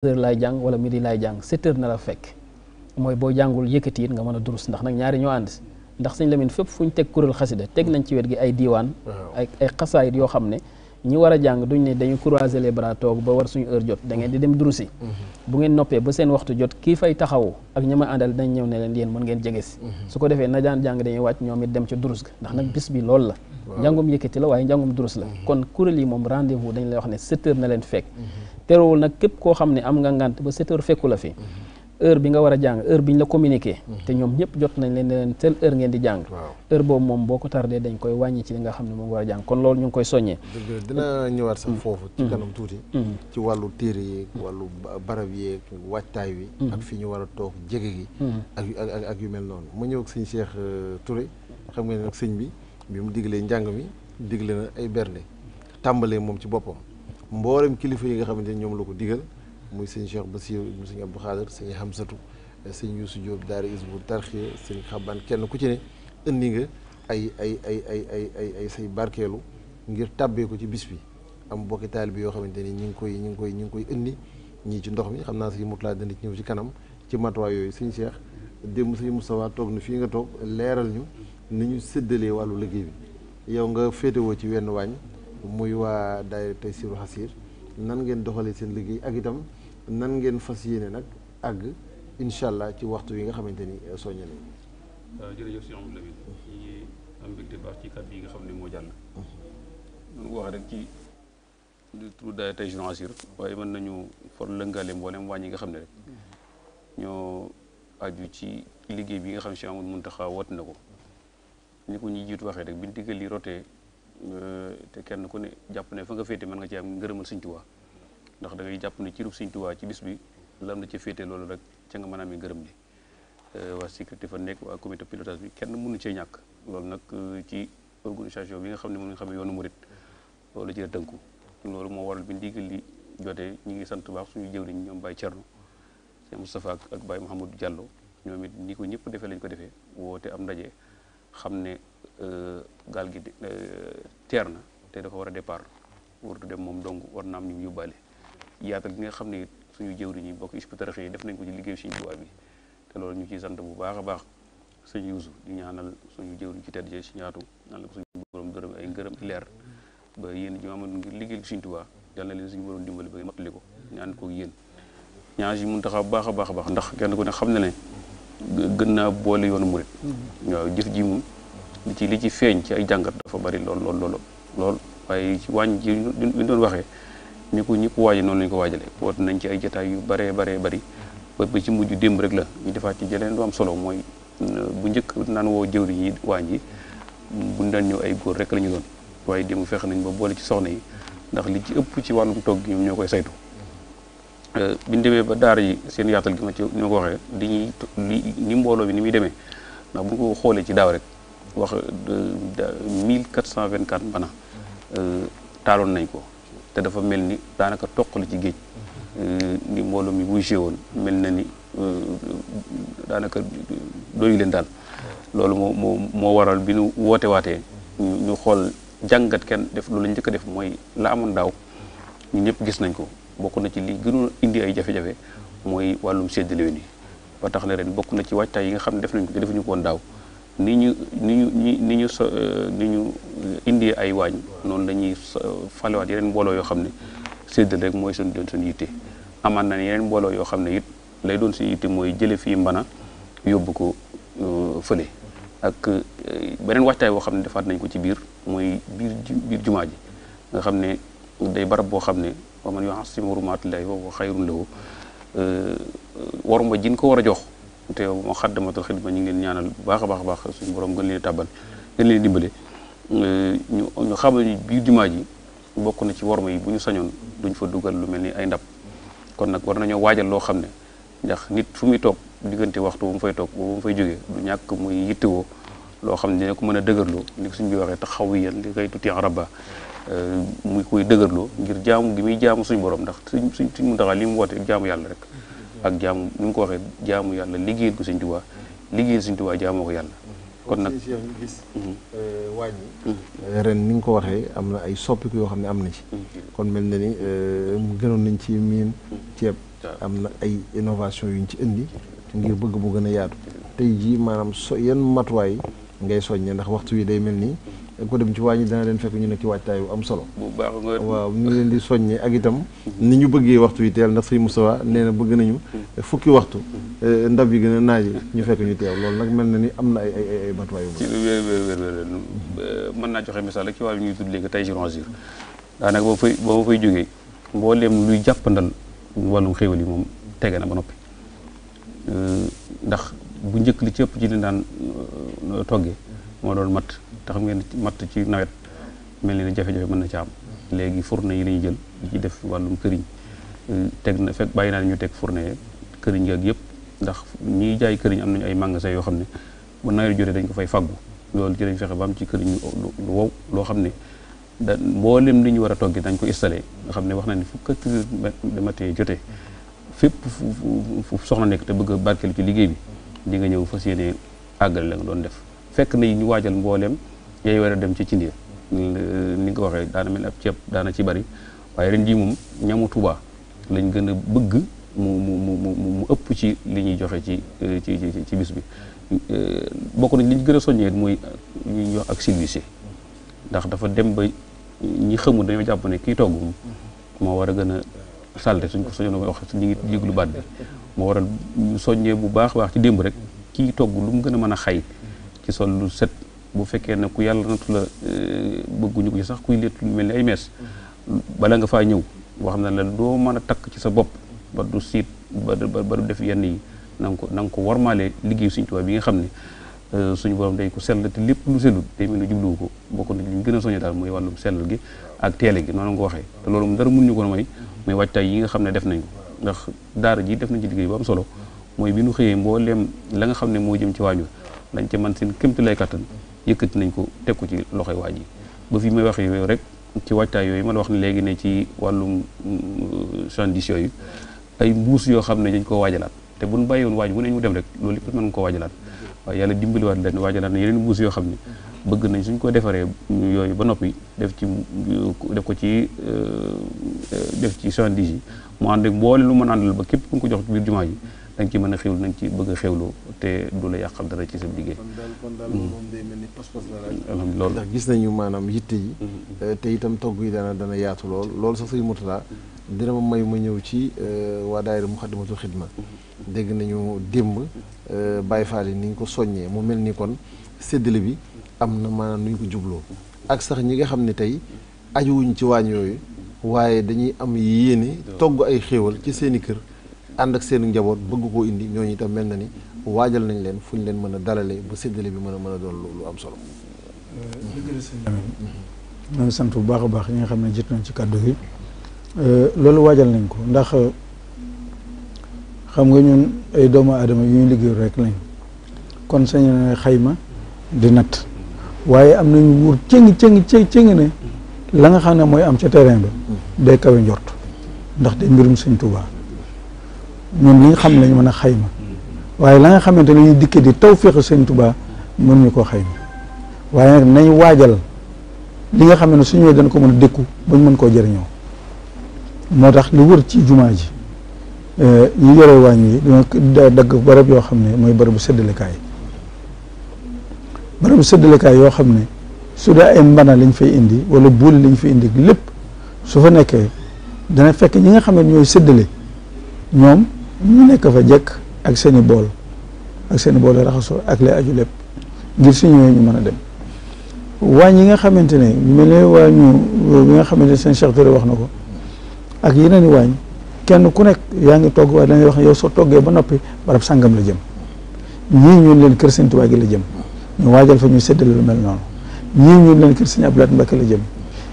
heure laay jàng wala midi laay jàng 7 heures na la fekk mooy boo jàngul yëkkati it nga mën a durus ndax nag ñaari ñoo ànd ndax sëñ Lamine fépp fu ñu teg kuréel xasida teg nañ ci wet gi ay diiwaan ay ay xasaayit yoo xam ne ñi war a jàng duñ ne dañu croiser les bras toog ba war suñu heure jot da ngeen di dem durusi mhm. bu ngeen noppee ba seen waxtu jot kii fay taxawu ak ñi ma àndal dañ ñëw ne leen yéen mën ngeen jege si mhm. su ko defee na daan jàng dañuy wàcc ñoom it dem ca durus ga ndax nag mhm. bis bi loolu la njàngum yëkkati la waaye njàngum la kon kuréel yi moom rendez-vous dañ lay wax ne 7 heures na leen fekk terewul nag képp koo xam ne am nga ngant ba 7 fekku la fi heure bi nga war a jàng heure bi ñu la communiqué mm-hmm. te ñoom ñëpp jot nañ leen ne leen telle heure ngeen di jàng heure boobu moom boo ko tardé dañ koy wàññi ci li nga xam ne moom war a jàng kon loolu ñu ngi koy soññee dina ñëwaat sax mm-hmm. foofu ci kanam mm-hmm. tuuti ci wàllu téere yi wàllu barab yi waajtaay wi fi ñu war a toog jege gi ak ak ak yu mel noonu ma ñëw ak sëñ Cheikh euh, Touré xam nga ne nag bi bi mu diglee njàng mi digle na ay bernde tàmbalee moom ci boppam mboolem kilifa yi nga xamante ni ñoom la ko digal muy sëñ Cheikh Bassirou mu sëñ Abdou Khader sëñ Hamsatu sëñ Youssou Diop daara Isbu Tarxiya sëñ Xaban kenn ku ci ne indi nga ay ay ay ay ay ay ay say barkeelu ngir tàbbee ko ci bis bi am bokki taalibe yoo xamante ni ñi ngi koy ngi koy ñi ngi koy indi ñii ci ndox mi xam naa sëñ Mutla dana ci ñëw ci kanam ci matuwaay yooyu sëñ Cheikh démb sëñ Moustapha toog na fii nga toog leeral ñu ni ñu séddalee wàllu liggéey bi yow nga féetewoo ci wenn wàññ muy waa daayira Taysiirul Xasiir nan ngeen doxalee seen liggéey ak itam nan ngeen fas yéene nag àgg incha allah ci waxtu yi nga xamante ni soññe nañ. Euh, yi nga xam ne moo jàll. ñu wax rek ci di turu daayira Taysiirul Xasiir waaye mën nañu for lëngale mboolem wàññi nga xam ne rek ñoo aju ci liggéey bi nga xam ne si mun Muntaxa wat na ko ni ko ñuy jiitu waxee rek biñ diggal li rotee. te kenn ku ne jàpp ne fa nga féete mën nga ci am ngërëmal Sëñ Tuubaa ndax da jàpp ne ci rub Sëñ Tuubaa ci bis bi lam la ca féete loolu rek ca nga mën a amee ngërëm li euh, waa sécurité fa nekk waa comité pilotage bi kenn mun na cee ñàkk loolu nag euh, ci organisation bi nga xam ne moom nga xam ne yoonu murit loolu ci la tënku loolu moo waral bi ndigal li jotee ñu ngi sant baax suñu jëwriñ ñoom Baye Thierno Cheikh Moustapha ak Baye Mouhamadou Diallo ñoom it ni ko ñëpp defee lañ ko defee woote am ndaje xam ne euh, gaal gi euh, teer na te dafa war a départ waratu dem moom dong war na am ñu yóbbaale yaatal gi nga xam ne suñu jëwriñ yi bokk ispitarax yi def nañ ko ci liggéeyu suñu tubaab bi te ñu ciy sant bu baax a baax sëñ Yuusu di ñaanal suñu jëwriñ ci tedd si ñaatu ñaanal ko suñu borom ay ngërëm leer ba yéen ñu amoon ngir liggéeyal suñu tubaab yal na leen suñu borom dimbali ba matali ko ñaan ko yéen ñaan yi mun taxaw baax a baax a baax ndax kenn ku ne xam na ne gën naa boole yoonu murit waaw jëf ji moom li ci li ci feeñ ci ay jàngat dafa bari lool lool lool lool waaye ci wàññ ci ñu doon waxee ñu ko ñi ko waaje noonu lañu ko waajale woot nañ ci ay jataay yu baree baree bari ci mujj démb rek la ñu defaat ci jëleen lu am solo mooy bu njëkk naan woo jëwri yi waañ yi buñ daan ñëw ay góor rek la ñu doon waaye démb fex nañ ba boole ci soxna yi ndax li ci ëpp ci wàllum togg ñoom ñoo koy saytu bi ñu demee ba daara yi seen yaatal gi ma ci ni ma ko waxee dañuy ni mbooloo mi ni muy demee ndax bu ñu ko xoolee ci daaw rek wax cent vingt 1424 mbana euh, taaloon nañ ko te dafa mel ni daanaka toqali ci géej euh, ni mbooloo mi wuy woon mel na ni euh, daanaka doyu leen daal loolu moo moo moo waral bi ñu woote waatee ñu xool jàngat kenn def loolu njëkk a def mooy la amoon daaw ñu ñëpp gis nañ ko bokk na ci li gënoon indi ay jafe-jafe mooy wàllum séddale ni ba tax na ren bokk na ci waajtaay yi nga xam ne def nañ ko defuñu ko woon daaw ni ñu ni ñu ni ñu so euh, ni ñu euh, indi ay waañ noonu la ñuy falewaat yeneen mbooloo yoo xam ne séddale rek mooy suñ doon suñu yitte yeneen mbooloo yoo xam ne it lay doon suñu yitte mooy jële fii mbana yóbbu ko euh, fële ak beneen waajtaay boo xam ne defaat nañ ko ci biir mooy biir biir jumaa ji nga xam ne day barab boo xam ne wa man yu'azzim hurumaatillahi wa huwa xayrun lahu euh, waruma jin ko war a jox te yow moo xaddamatul xidma ñu ngi leen ñaanal bu baax a baax a baax suñu borom gën leen tàbbal gën leen dimbale euh, ñu ñu xamal ni biir jumaa ji bokk na ci waruma yi bu ñu sañoon duñ fa dugal lu mel ni ay ndab kon nag war nañoo waajal loo xam ne ndax nit fu muy toog diggante waxtu bu mu fay toog bu fay jógee du ñàkk muy yittewoo loo xam ne dina ko mën a dëgërloo ni ko suñ bi waxee taxawiyan li koy tuti rabba Euh, muy koy dëgërloo ngir jaamu gi muy jaamu suñu borom ndax suñ suñ suñ Muntaxa li mu woote jaamu yàlla rek ak jaamu ni mu ko waxee jaamu yàlla liggéeyal ko suñ Tuubaa liggéeyal suñ Tuubaa jaamoo ko yàlla kon nag gis mhm. euh, wàññi mhm. ren ni nga ko waxee am na ay soppiku yoo xam ne am na ci mhm. kon mel na ni euh, gënoon nañ ci miin ceeb am na ay innovation yuñ ci indi ngir bëgg bu gën a yaatu tey jii maanaam so yan matuwaay ngay soññe ndax waxtu wi day mel nii ko dem ci waañi dana leen fekk ñu nekk ci waajtaay bu am solo waaw ñu ngi leen di soññee ak itam ni ñu bëggee waxtu yi teel ndax sëñ Moustapha nee na bëgg nañu fukki waxtu eh, ndab bi gën a naaj ñu fekk loolu nag mel na ni am na ay ay ay matuwaay ci wér wér wér eh, mën naa joxe misaal rek ci wàllu ñuy tudd léegi tey girongir daanaka boo fay boo fay jógee mbooleem luy jàppandal wàllum xéwal yi moom tege na ba noppi eh, ndax bu njëkk li ci ëpp ci li daan toggee moo doon mat te xam ngeen matt ci nawet mel na jafe-jafe mën na ci am léegi fourne yi lañuy jël di ci def wàllum këriñ teg na fekk bàyyi naa ne ñu teg fourne këriñ gaak yëpp ndax ñiy jaay këriñ am nañu ay magasin yoo xam ne bu nawet jotee dañ ko fay faggu loolu ci lañ fexe ba am ci këriñ lu wow loo xam ne da mboolem li ñu war a toggi dañ ko installé nga xam ne wax na ne fu quatre heures de matin jotee fépp fu nekk te bëgg a barkeel ci liggéey bi di nga ñëw fas yéene àggale la nga def fekk na ñu waajal mbooleem yooyu war a dem ci cin ya ni nga ko waxee daana mel ab ceeb daana ci bari waaye ren jii moom ñamu Tuuba lañ gën a bëgg mu mu ëpp ci li ñuy joxe ci ci ci bis bi bokk nañ li gën a soññee mooy li ñuy ak silvisé ndax dafa dem ba ñi xamul dañoo jàpp ne kii togg moo war a gën a salte suñ ko soññee wax ñu ngi jéglu baat bi moo waral soññee bu baax baax ci démb rek kii togg lu mu gën a mën a xay ci sol lu set bu fekkee ne ku yàlla na la euh, bëgguñu ko ci sax kuy léttu lu mel ni ay mees bala nga faa ñëw boo xam ne la doo mën a takk ci sa bopp ba du siit ba du def yan yi na ko war nga liggéey warmaale liggéeyu suñu tubaab bi nga xam ne euh, suñu borom day ko sell te lépp lu sellul day mel ne jubluwu ko bokk na li ñu gën a daal mooy wàllum sell gi ak teele gi noonu nga ko waxee te loolu mu dara mun ñu ko mooy mooy waajtaay yi nga xam ne def nañ ndax daara ji def nañ ci liggéey bu solo mooy bi nu xëyee mbooleem la nga xam ne moo jëm ci waañu lañ ca man seen kémtu lay kattan yëkkati nañ ko teg ko ci loxoy waa ji ba fi may wax yooyu rek ci waajtaay yooyu man wax ne léegi ne ci wàllum chandis euh, yooyu ay mbuus yoo xam ne dañ koo waajalaat te buñ bàyyi woon waaj bu neñ mu dem rek loolu lépp mën ko waajalaat waaye yàlla dimbaliwaat leen waajalaat na yeneen mbuus yoo xam ne bëgg nañ suñ ko defaree yooyu ba noppi def ci euh, def ko ci euh, def ci chandis yi mu ànd rek mboole lu mën àndal ba képp ku ko jox ci biir jumaa yi da nga ci mën a xewlu na nga ci bëgg a xewlu te du la yàqal dara ci sa liggéey. kon daal kon daal mm-hmm. moom day ni pas-pas la loolu ndax gis nañu maanaam yitte yi. Mm-hmm. Eh, te itam togg yi dana dana yaatu lool mm-hmm. loolu sax suñu motulaa. dina ma may ma ñëw ci eh, waa daayira Muxaddamatul Xidma dégg nañu démb eh, Baye Fall yi ni ñu ko soññee mu mel ni kon séddale bi am na maanaam nu ñu ko jubloo ak sax ñi nga xam ne tey ajuwuñ ci waañ yooyu waaye dañuy am yéene togg ay xéewal ci seeni kër ànd ak seen njaboot bëgg koo indi ñooñu itam mel na ni waajal nañ leen fu ñu leen mën a dalalee bu séddale bi mën a mën a doon lu am solo. maa ngi sant bu baax baax ñi nga xam ne jot nañ ci kàddu yi euh, loolu waajal nañ ko ndax xam nga ñun ay doomu aadama yu liggéey rek lañ kon sañ na xayma di natt waaye am nañu wuur cëng cëng cëng cëng ne la nga xam ne mooy am ca terrain bi day kawe njort ndax day mbirum sëñ Tuubaa ñun li nga xam lañ mën a xayma waaye la nga xamante ne ñu dikk di tawféexu Sëñ Tuubaa mën ñu koo xayma waaye nag nañ waajal li nga xam ne su ñëwee dañ ko mën a dékku ba mën koo jëriñoo moo tax lu wër ci jumaa ji eh, ñu yore waañ wi dagg barab yoo xam ne mooy barabu seddalekaay barabu seddalekaay yoo xam ne su dee ay mbana lañ fay indi wala booli lañ fay indi lépp su fa nekkee dana fekk ñi nga xam ne ñooy seddale ñoom ñu nekk fa jekk ak seen bool ak seen i bool raxasoo ak lay aju lépp ngir su ñëwee ñu mën a dem waañ yi nga xamante ne mel ne waañu bi nga xamante seen Cheikh Touré wax na ko ak yeneen i waañ kenn ku nekk yaa ngi togg waaye dañuy wax ne yow soo toggee ba noppi barab sàngam la jëm ñii ñun leen kër seen Tuubaa gi la jëm ñu waajal fa ñu séddale lu mel noonu ñii leen kër seen Abdoulaye Mbacke la jëm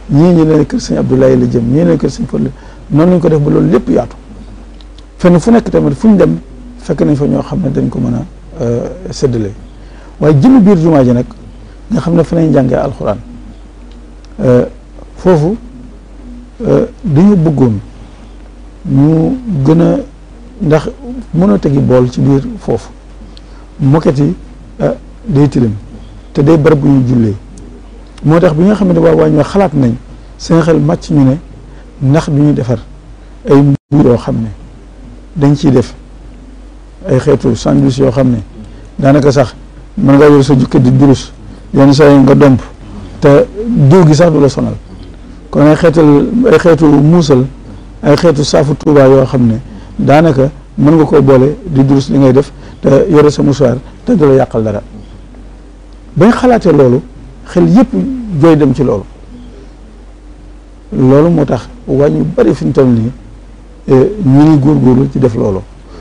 ñii ñu leen kër seen Abdoulaye la jëm ñii leen kër seen Fall noonu lañ ko def ba loolu lépp yaatu fenn fu nekk tamit fu ñu dem fekk nañ fa ñoo xam ne dañ ko mën a euh, séddale waaye jëmm biir jumaa ji nag nga xam ne fa lañ jàngee alxuraan euh, foofu euh, dañu bëggoon ñu gën a ndax mën a tegi bool ci biir foofu moket yi day tilim te day barab bu ñuy jullee moo tax bi nga xam ne waa waa xalaat nañ seen xel màcc ñu ne ndax du ñuy defar ay mbir xam ne dañ ciy def ay xeetu sandwich yoo xam ne daanaka sax mën nga yor sa jukki di durus yenn saa yi nga domp te diw gi sax du la sonal kon ay xeetal xeetu muusal ay xeetu saafu tuuba yoo xam ne daanaka mën nga koo boole di durus li ngay def te yore sa musuwaar te du la yàqal dara bañ xalaatee loolu xel yëpp jooy dem ci loolu loolu moo tax wàññi bari fi mu toll nii ñu ngi góorgóorlu ci def loolu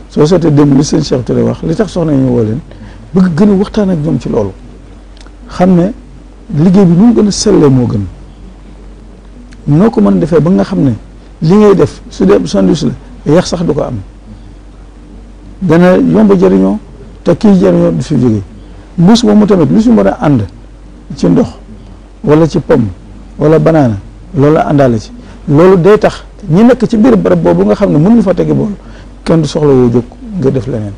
soo seetee dem li seen Cheikh Touré wax li tax soxna ñu woo leen bëgg gën a waxtaan ak ñoom ci loolu xam ne liggéey bi mu gën a moo gën noo ko mën defee ba nga xam ne li ngay def su dee sandwich la yax sax du ko am dana yomb jëriñoo te kii jëriñoo du fi jóge mbuus moomu tamit lu si mën a ànd ci ndox wala ci pomme wala banaana loolu àndaale ci loolu day tax ñi nekk ci biir barab boobu nga xam ne mënuñu fa tegi bool kenn du soxla woo jóg nga def leneen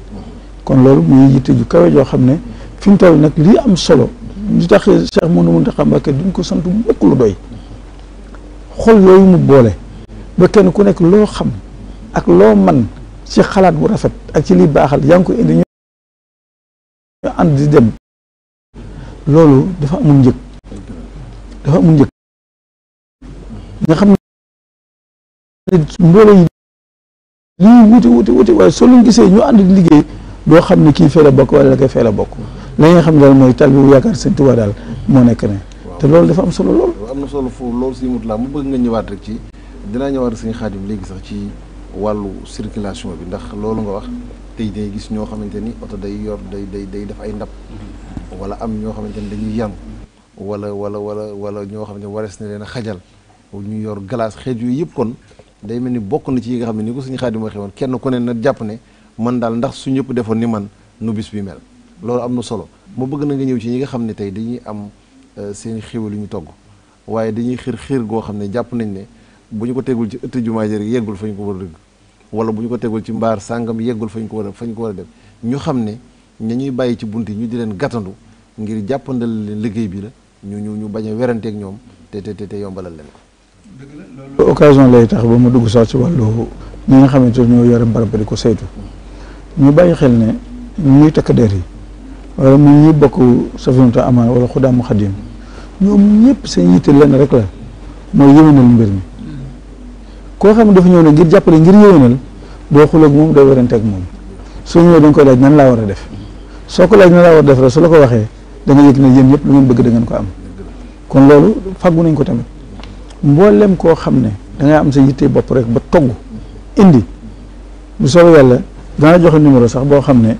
kon loolu muy yitte ju kawe joo xam ne fi mu toll nag lii am solo li tax Cheikh Mouhamadou Mountakha Mbacké duñ ko sant mukk lu doy xol yooyu mu boole ba kenn ku nekk loo xam ak loo man ci xalaat bu rafet ak ci liy baaxal yaa ngi ko indi ñu ànd di dem loolu dafa amul njëg dafa amul njëg nga xam mbooloo yi lii wuti wuti wuti waaye soo leen gisee ñu ànd liggéey doo xam ne kii fee la bokk wala kii fee la bokk la nga xam ne mooy tal bi yaakaar sëñ Tuubaa daal moo nekk ne te loolu dafa am solo lool am na solo foofu loolu si mut laa mu bëgg nga ñëwaat ci dinaa ñëwaat sëñ Xaadim léegi sax ci wàllu circulation bi ndax loolu nga wax tey day gis ñoo xamante ni oto day yor day day day def ay ndab wala am ñoo xamante ni dañuy yam wala wala wala wala ñoo xamante ni warees na leen a xajal ñu yor glace xeet yooyu yëpp kon day mel ni bokk na ci yi nga xam ne ni ko suñ xaadim waxee woon kenn ku ne na jàpp ne man daal ndax su ñëpp defoon ni man nu bis bi mel loolu am na solo ma bëgg na nga ñëw ci ñi nga xam ne tey dañuy am euh, seen xéwal lu ñu togg waaye dañuy xiir xiir goo xam ne jàpp nañ ne bu ñu ko tegul ci ëtt jumaa ji rek yeggul fa ñu ko war a dëgg wala bu ñu ko tegul ci mbaar sàngam yeggul fa ñu ko war a fa ñu ko war a ñu xam ne ña ñuy bàyyi ci bunt yi ñu di leen gàttandu ngir jàppandal leen liggéey bi la ñu ñu ñu bañ a weranteeg ñoom te te te yombalal loolu occasion lay tax ba ma dugg sax ci wàllu ñi nga xamante ñoo yore barab di ko saytu ñu bàyyi xel ne ñuy takk der yi wala mu ñuy bokk Safinatoul Amaan wala Xudaamu Xadim ñoom ñëpp seen yitte lenn rek la mooy yëwénal mbir mi koo xam ne dafa ñëw na ngir jàppale ngir yëwénal doo xuloog moom doo werante ak moom soo ñëwee dañ koy laaj nan laa war a def soo ko laaj nan laa war a def rek su la ko waxee da nga yëg ne yéen ñëpp lu ngeen bëgg da ngeen ko am kon loolu fàggu nañ ko tamit mboolem koo xam ne dangay am sa yitte bopp rek ba togg indi bu soobee yàlla dana joxe numéro sax boo xam ne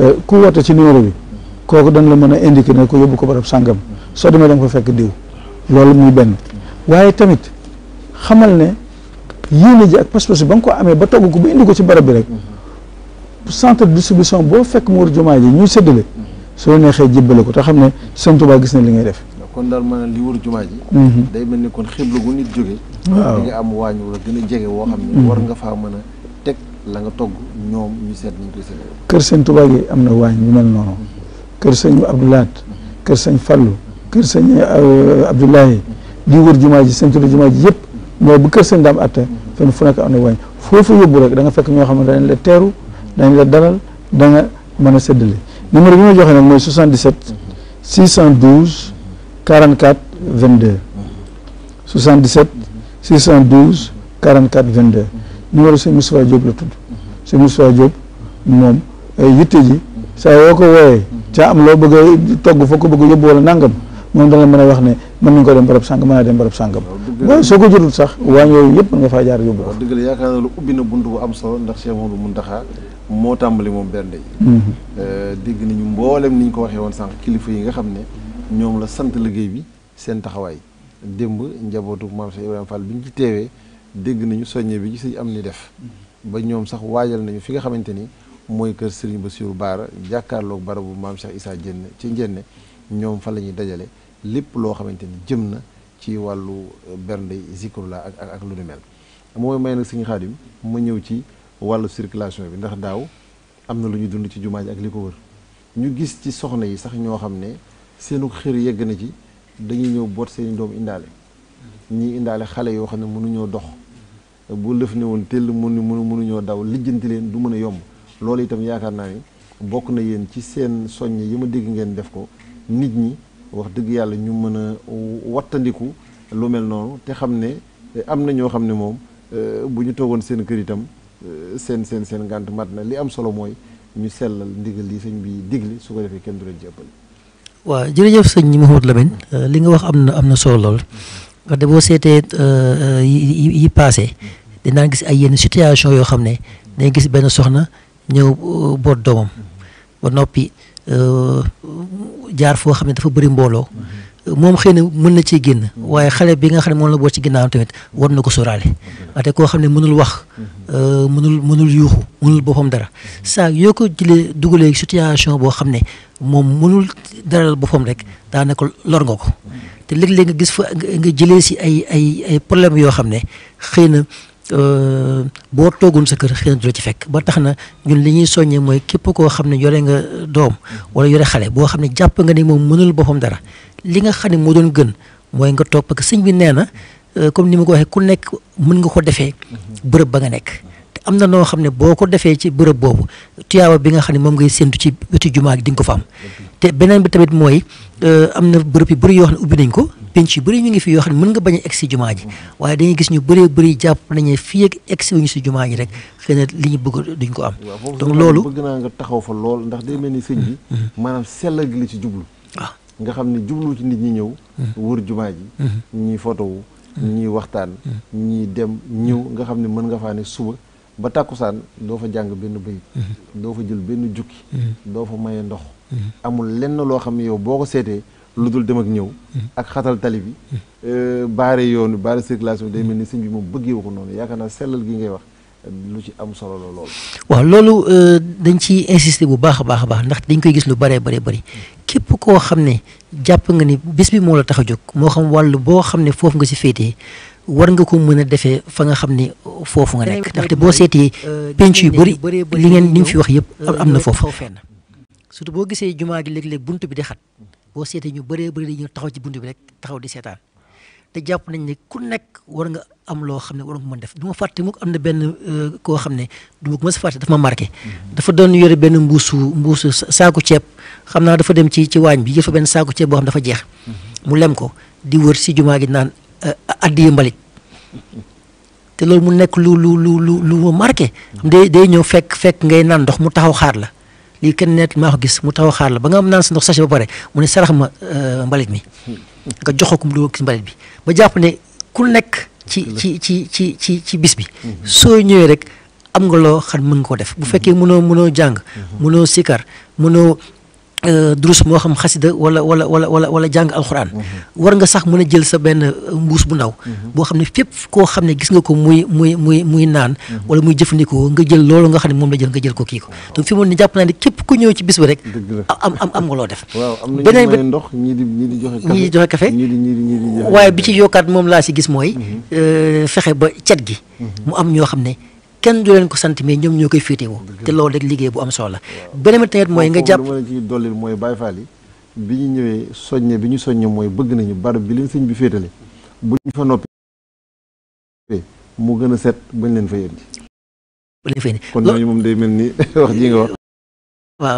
euh, ku woote ci numéro bi kooku dañ la mën a indiquer ne ko yóbbu ko barab sàngam soo demee da ko fekk diw loolu muy benn waaye tamit xamal ne yéene ji ak pas-pas ba nga ko amee ba togg ko ba indi ko ci barab bi rek centre de distribution boo fekk mu war jumaa ji ñuy séddale soo neexee jëbbale ko te xam ne Sëñ Tuubaa gis na li ngay def kon daal maanaam li wër jumaa ji mhm. day mel ni kon xibla gu nit jóge di nga am waañ a mhm. a teg la nga togg ñoom ñu seet ñu koy seet kër sëñ Tuubaa gi am na waañ yu mel noonu mhm. kër sëñ Abdoulaat kër sëñ Fallu kër sëñ euh, Abdoulaye li wër jumaa ji sëñ Tuubaa jumaa ji yëpp mooy bu kër sëñ daam atte fenn fu nekk am na waañ foofu yóbbu rek da fekk ñoo xam ne dañ la teeru dañ la dalal da mën a séddale numéro bi ma joxe nag mooy 44 22 77 612 44 22 numéro sëñ Moustapha Diop la tudd sëñ Moustapha Diop moom yitte ji saa yoo ko wooyee caa am loo bëgg a togg foo ko bëgg a yóbbu wala nangam moom dana mën a wax ne mën nañu ko dem barab sàngam mën naa dem barab sàngam waaye soo ko jotul sax waañ yooyu yëpp mën nga faa jaar yóbbu ko dëgg la yaakaar naa lu ubbi na bunt bu am solo ndax Cheikh Mamadou Mountakha moo tàmbali moom benn mm-hmm. euh, dégg nañu mboolem ni ñu ko waxee woon sànq kilifa yi nga xam ne ñoom la sant liggéey bi seen taxawaay démb njabootu maam Cheikh Ibrahima Fall bi ñu ci teewee dégg nañu soññe bi ci sëñ am ni def ba ñoom sax waajal nañu fi nga xamante ni mooy kër Serigne Bassirou Baara jàkkaarloog barabu maam Cheikh Issa Diène ci Ndiène ñoom fa la ñuy dajale lépp loo xamante ni jëm na ci wàllu bernde zikrullah ak ak lu ni mel. mooy may nag sëñ Xaadim ma ñëw ci wàllu circulation bi ndax daaw am na lu ñu dund ci jumaa ji ak li ko wër ñu gis ci soxna yi sax ñoo xam ne. seenu xër yegg na ci dañuy ñëw boot seeni doom indaale ñii indaale xale yoo xam ne mënuñoo dox bu lëf ne woon tell mënu mënu mënuñoo daw lijjanti leen du mën a yomb loolu itam yaakaar naa ni bokk na yéen ci seen soññ yi ma dégg ngeen def ko nit ñi wax dëgg yàlla ñu mën a uh, wattandiku lu mel noonu te xam ne eh, am na ñoo xam ne moom eh, bu ñu toogoon seen kër itam eh, seen seen seen ngànt mat na li am solo mooy ñu sellal ndigal li sëñ bi digle su ko kenn du leen ci waaw jërëjëf sëñ Mouhamadou Lamine euh, li nga wax am na am na solo lool wax seetee euh, euh, yi yi passé dinaa gis ay yenn situation yoo xam ne dañ gis benn soxna ñëw boot doomam ba noppi jaar foo xam ne dafa bëri mbooloo moom xëy na mën na cee génn waaye xale bii nga xam ne moom la boot ci ginnaaw tamit war na ko sóoraale ate koo xam ne mënul wax euh, mënul mënul yuuxu mënul boppam dara saa yoo ko jëlee dugalee situation boo xam ne moom mënul daral boppam rek daanaka lor nga ko te léeg-léeg nga gis fa nga jëlee si ay ay ay problème yoo xam ne xëy na euh, boo toogoon sa kër xëy na ci fekk ba tax na ñun li ñuy soññee mooy képp koo xam ne yore nga doom wala yore xale boo xam ne jàpp nga ne moom mënul boppam dara li nga xam ne moo doon gën mooy nga toog parce que sëñ bi nee na euh, comme ni ma ko waxee ku nekk mën nga ko defee bërëb ba nga nekk. te am na noo xam ne boo ko defee ci bërëb boobu tuyaaba bi nga xam ne moom ngay séntu ci wetu jumaa gi di nga ko fa am. te beneen bi tamit mooy euh, am na bërëb yu bëri yoo xam ne ubbi nañ ko. penc yu bëri ñu ngi fi yoo xam ne mën nga bañ a egg si jumaa ji waaye dañuy gis ñu bëree bëri jàpp nañu fii ak egg si wuñu si jumaa ji rek xëy na li ñu bëgg duñ ko am. donc loolu bëgg taxaw fa lool ndax day mel ni sëñ bi. Hmm. Hmm. maanaam gi la ci jublu waaw ah. nga xam ne jublu ci nit ñi ñëw mm-hmm. wër jumaa ji mm-hmm. ñi fotowu ñi mm-hmm. waxtaan ñi dem ñëw nga xam ne mën nga faa ne suba ba tàkkusaan doo fa jàng benn bayit doo fa jël benn jukki doo fa maye ndox amul lenn loo xam yow boo ko seetee lu dul dem ak ñëw ak xatal tali bi euh, baare yoonu baare circulation bi day mel ni sëñ bi moom bëggee ko noonu yaakaar naa sellal gi ngay wax lu ci am solo la lool. waaw loolu euh, dañ ci insister bu baax a baax baax ndax dañ koy gis lu bëree bëri bari képp koo xam ne jàpp nga ni bés bi moo la tax a jóg moo xam wàllu boo xam ne foofu nga si féetee war nga ko mën a defee fa nga xam ne foofu nga nekk ndaxte boo seetee penc yu bëri li ngeen li ñu fi wax yëpp am na foofu. surtout boo gisee jumaa gi léeg-léeg buntu bi di xat boo seetee ñu bëree bëri dañuy taxaw ci buntu bi rek taxaw di seetaan. te jàpp nañ ne ku nekk war nga am loo xam ne war nga mën def du ma fàtte mukk am na benn euh, koo xam ne du ma ko mës a fàtte mm-hmm. dafa doon yore benn mbuusu mbuusu saaku ceeb xam naa dafa dem ci ci waañ bi jël fa benn saaku ceeb boo xam dafa jeex. Mm-hmm. mu lem ko di wër si jumaa gi naan euh, addiya mbalit. te loolu mu nekk lu lu lu lu lu ma marqué. Mm-hmm. day ñëw fekk fekk ngay naan ndox mu taxaw xaar la. lii kenn neet maa ko gis mu taxaw xaar la ba nga am naan sa ndox sachet ba pare mu ne sarax ma euh, mbalit mi. Hmm. nga joxo ko mu dugg ci mbalit bi ba jàpp ne ku nekk ci ci ci ci ci ci bis bi mhm. soo ñëwee rek am nga loo xam mën nga ko def bu mhm. fekkee mënoo mënoo jàng munoo mhm. sikar mënoo Euh, durus moo xam xasida wala wala wala wala wala jàng alxuraan mhm. war nga sax mun a jël sa benn euh, mbuus bu ndaw mhm. boo xam ne fépp koo xam ne gis nga ko muy muy muy muy naan mhm. wala muy jëfandikoo nga jël loolu nga xam ne moom la jël nga jël ko kii ko donc fi mu jàpp naa képp ku ñëw ci bis bi rek am am am nga loo def beneen bi ndox ñii di ñii di waaye bi ci yokkaat moom laa si gis mooy euh, fexe ba cet gi mu am ñoo xam ne kenn du leen ko sant mais ñoom ñoo koy féetewoo te loolu rek liggéey bu am solo la beneen tamit mooy nga jàpp ma ci mooy Baye Fall yi ñu ñëwee soññe bi ñu soññe mooy bëgg nañu barab bi leen sëñ bi féetale bu ñu fa noppee gën a set bañ leen fa yëndi kon ñooñu moom day mel ni wax ji nga wax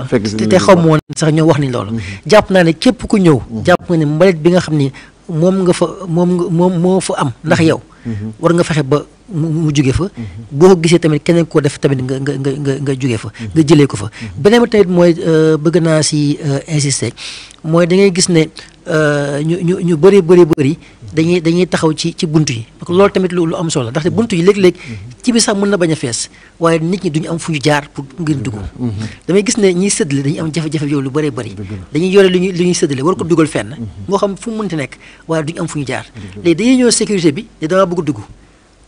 xaw ma sax ñoo wax ni loolu mhm. jàpp naa ne képp ku ñëw mhm. jàpp nga ne mbalit bi nga xam ne moom nga fa moom nga moom moo fa am ndax mhm. yow war nga fexe ba mu jóge fa boo ko gisee tamit keneen koo def tamit nga nga nga nga jóge fa nga jëlee ko fa beneen bi tamit mooy euh, bëgg naa si euh, insister mooy da ngay gis ne euh, ñu ñu ñu bëri bëri bëri dañuy dañuy taxaw ci ci bunt yi loolu tamit lu am solo ndaxte bunt yi léeg-léeg ci bi sax mën na bañ a fees waaye nit ñi duñu am fu ñu jaar pour ngir dugg damay gis ne ñiy sëddale dañuy am jafe-jafe yow lu bari bëri dañuy yore li ñuy lu ñuy sëddale war ko dugal fenn moo xam fu mu mënti nekk waaye duñu am fu ñu jaar léegi dañuy ñëw sécurité bi ne dama bëgg dugg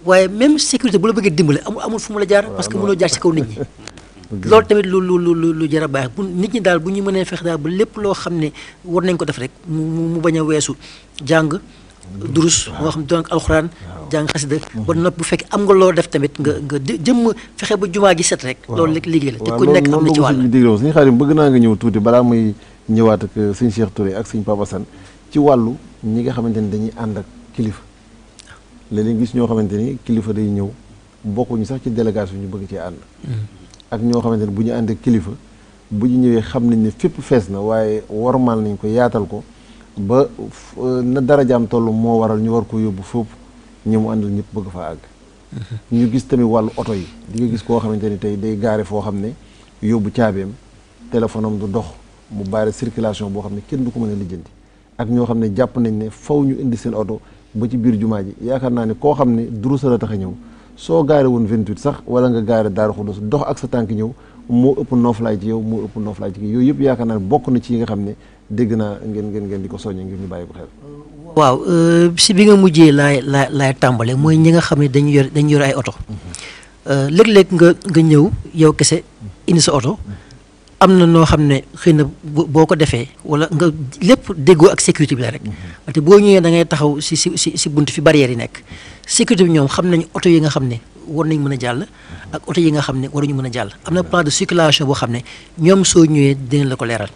waaye même sécurité bu la bëggee dimbale amul amul fu mu la jaar parce que mënoo jaar ci kaw nit ñi loolu tamit lu lu lu lu jar a baax bu nit ñi daal bu ñu mënee fexe daal ba lépp loo xam ne war nañ ko def rek mu bañ a weesu jàng durus moo xam donc alxuraan jàng xasida ba noppi bu fekkee am nga loo def tamit nga nga jëmm fexe ba jumaa gi set rek loolu léegi liggéey la te ku nekk am na ci wàll dégg suñu xarit bëgg nga ñëw tuuti balaa muy ñëwaat ak euh, suñ Cheikh Touré ak suñ Papa Sane ci wàllu ñi nga xamante ne dañuy ànd ak kilifa léeg gis ñoo xamante ni kilifa day ñëw bokkuñu sax ci délégation ñu bëgg ci ànd. ak ñoo xamante ni bu ñu àndee kilifa bu ñu ñëwee xam nañ ne fépp fees na waaye wormaal nañ ko yaatal ko ba na dara jaam toll moo waral ñu war ko yóbbu foofu ñi mu àndal ñëpp bëgg fa àgg. ñu gis tamit wàllu oto yi di gis koo xamante ni tey day gaare foo xam ne yóbbu caabeem téléphone du dox mu baare circulation boo xam ne kenn du ko mën a lijjanti ak ñoo xam ne jàpp nañ ne faw ñu indi seen oto. ba ci biir jumaa ji yaakaar naa ne koo xam ne durusa a tax a ñëw soo gaare woon 28 sax wala nga gaare Daaru Xudus dox ak sa tànk ñëw moo ëpp nooflaay ci yow moo ëpp nooflaay ci kii yooyu yëpp yaakaar naa ne bokk na ci nga xam ne dégg naa ngeen ngeen ngeen di ko soññee ngir ñu bàyyi ko xel. waaw euh, si bi nga mujjee laay laay laay tàmbale mooy ñi nga xam ne dañu yor dañu yor ay oto mhm. euh, léeg-léeg nga nga ñëw yow kese indi sa oto. Mhm. am na noo xam ne xëy na boo ko defee wala nga lépp déggoo ak sécurité bi la rek. parce mhm. boo ñëwee da ngay taxaw si si si si bunt fi barrière yi nekk. sécurité bi ñoom xam nañ oto yi nga xam ne war nañ mën a jàll. ak oto yi nga xam ne ñu mën a jàll. am na plan de circulation boo xam ne ñoom soo ñëwee dinañ la ko leeral.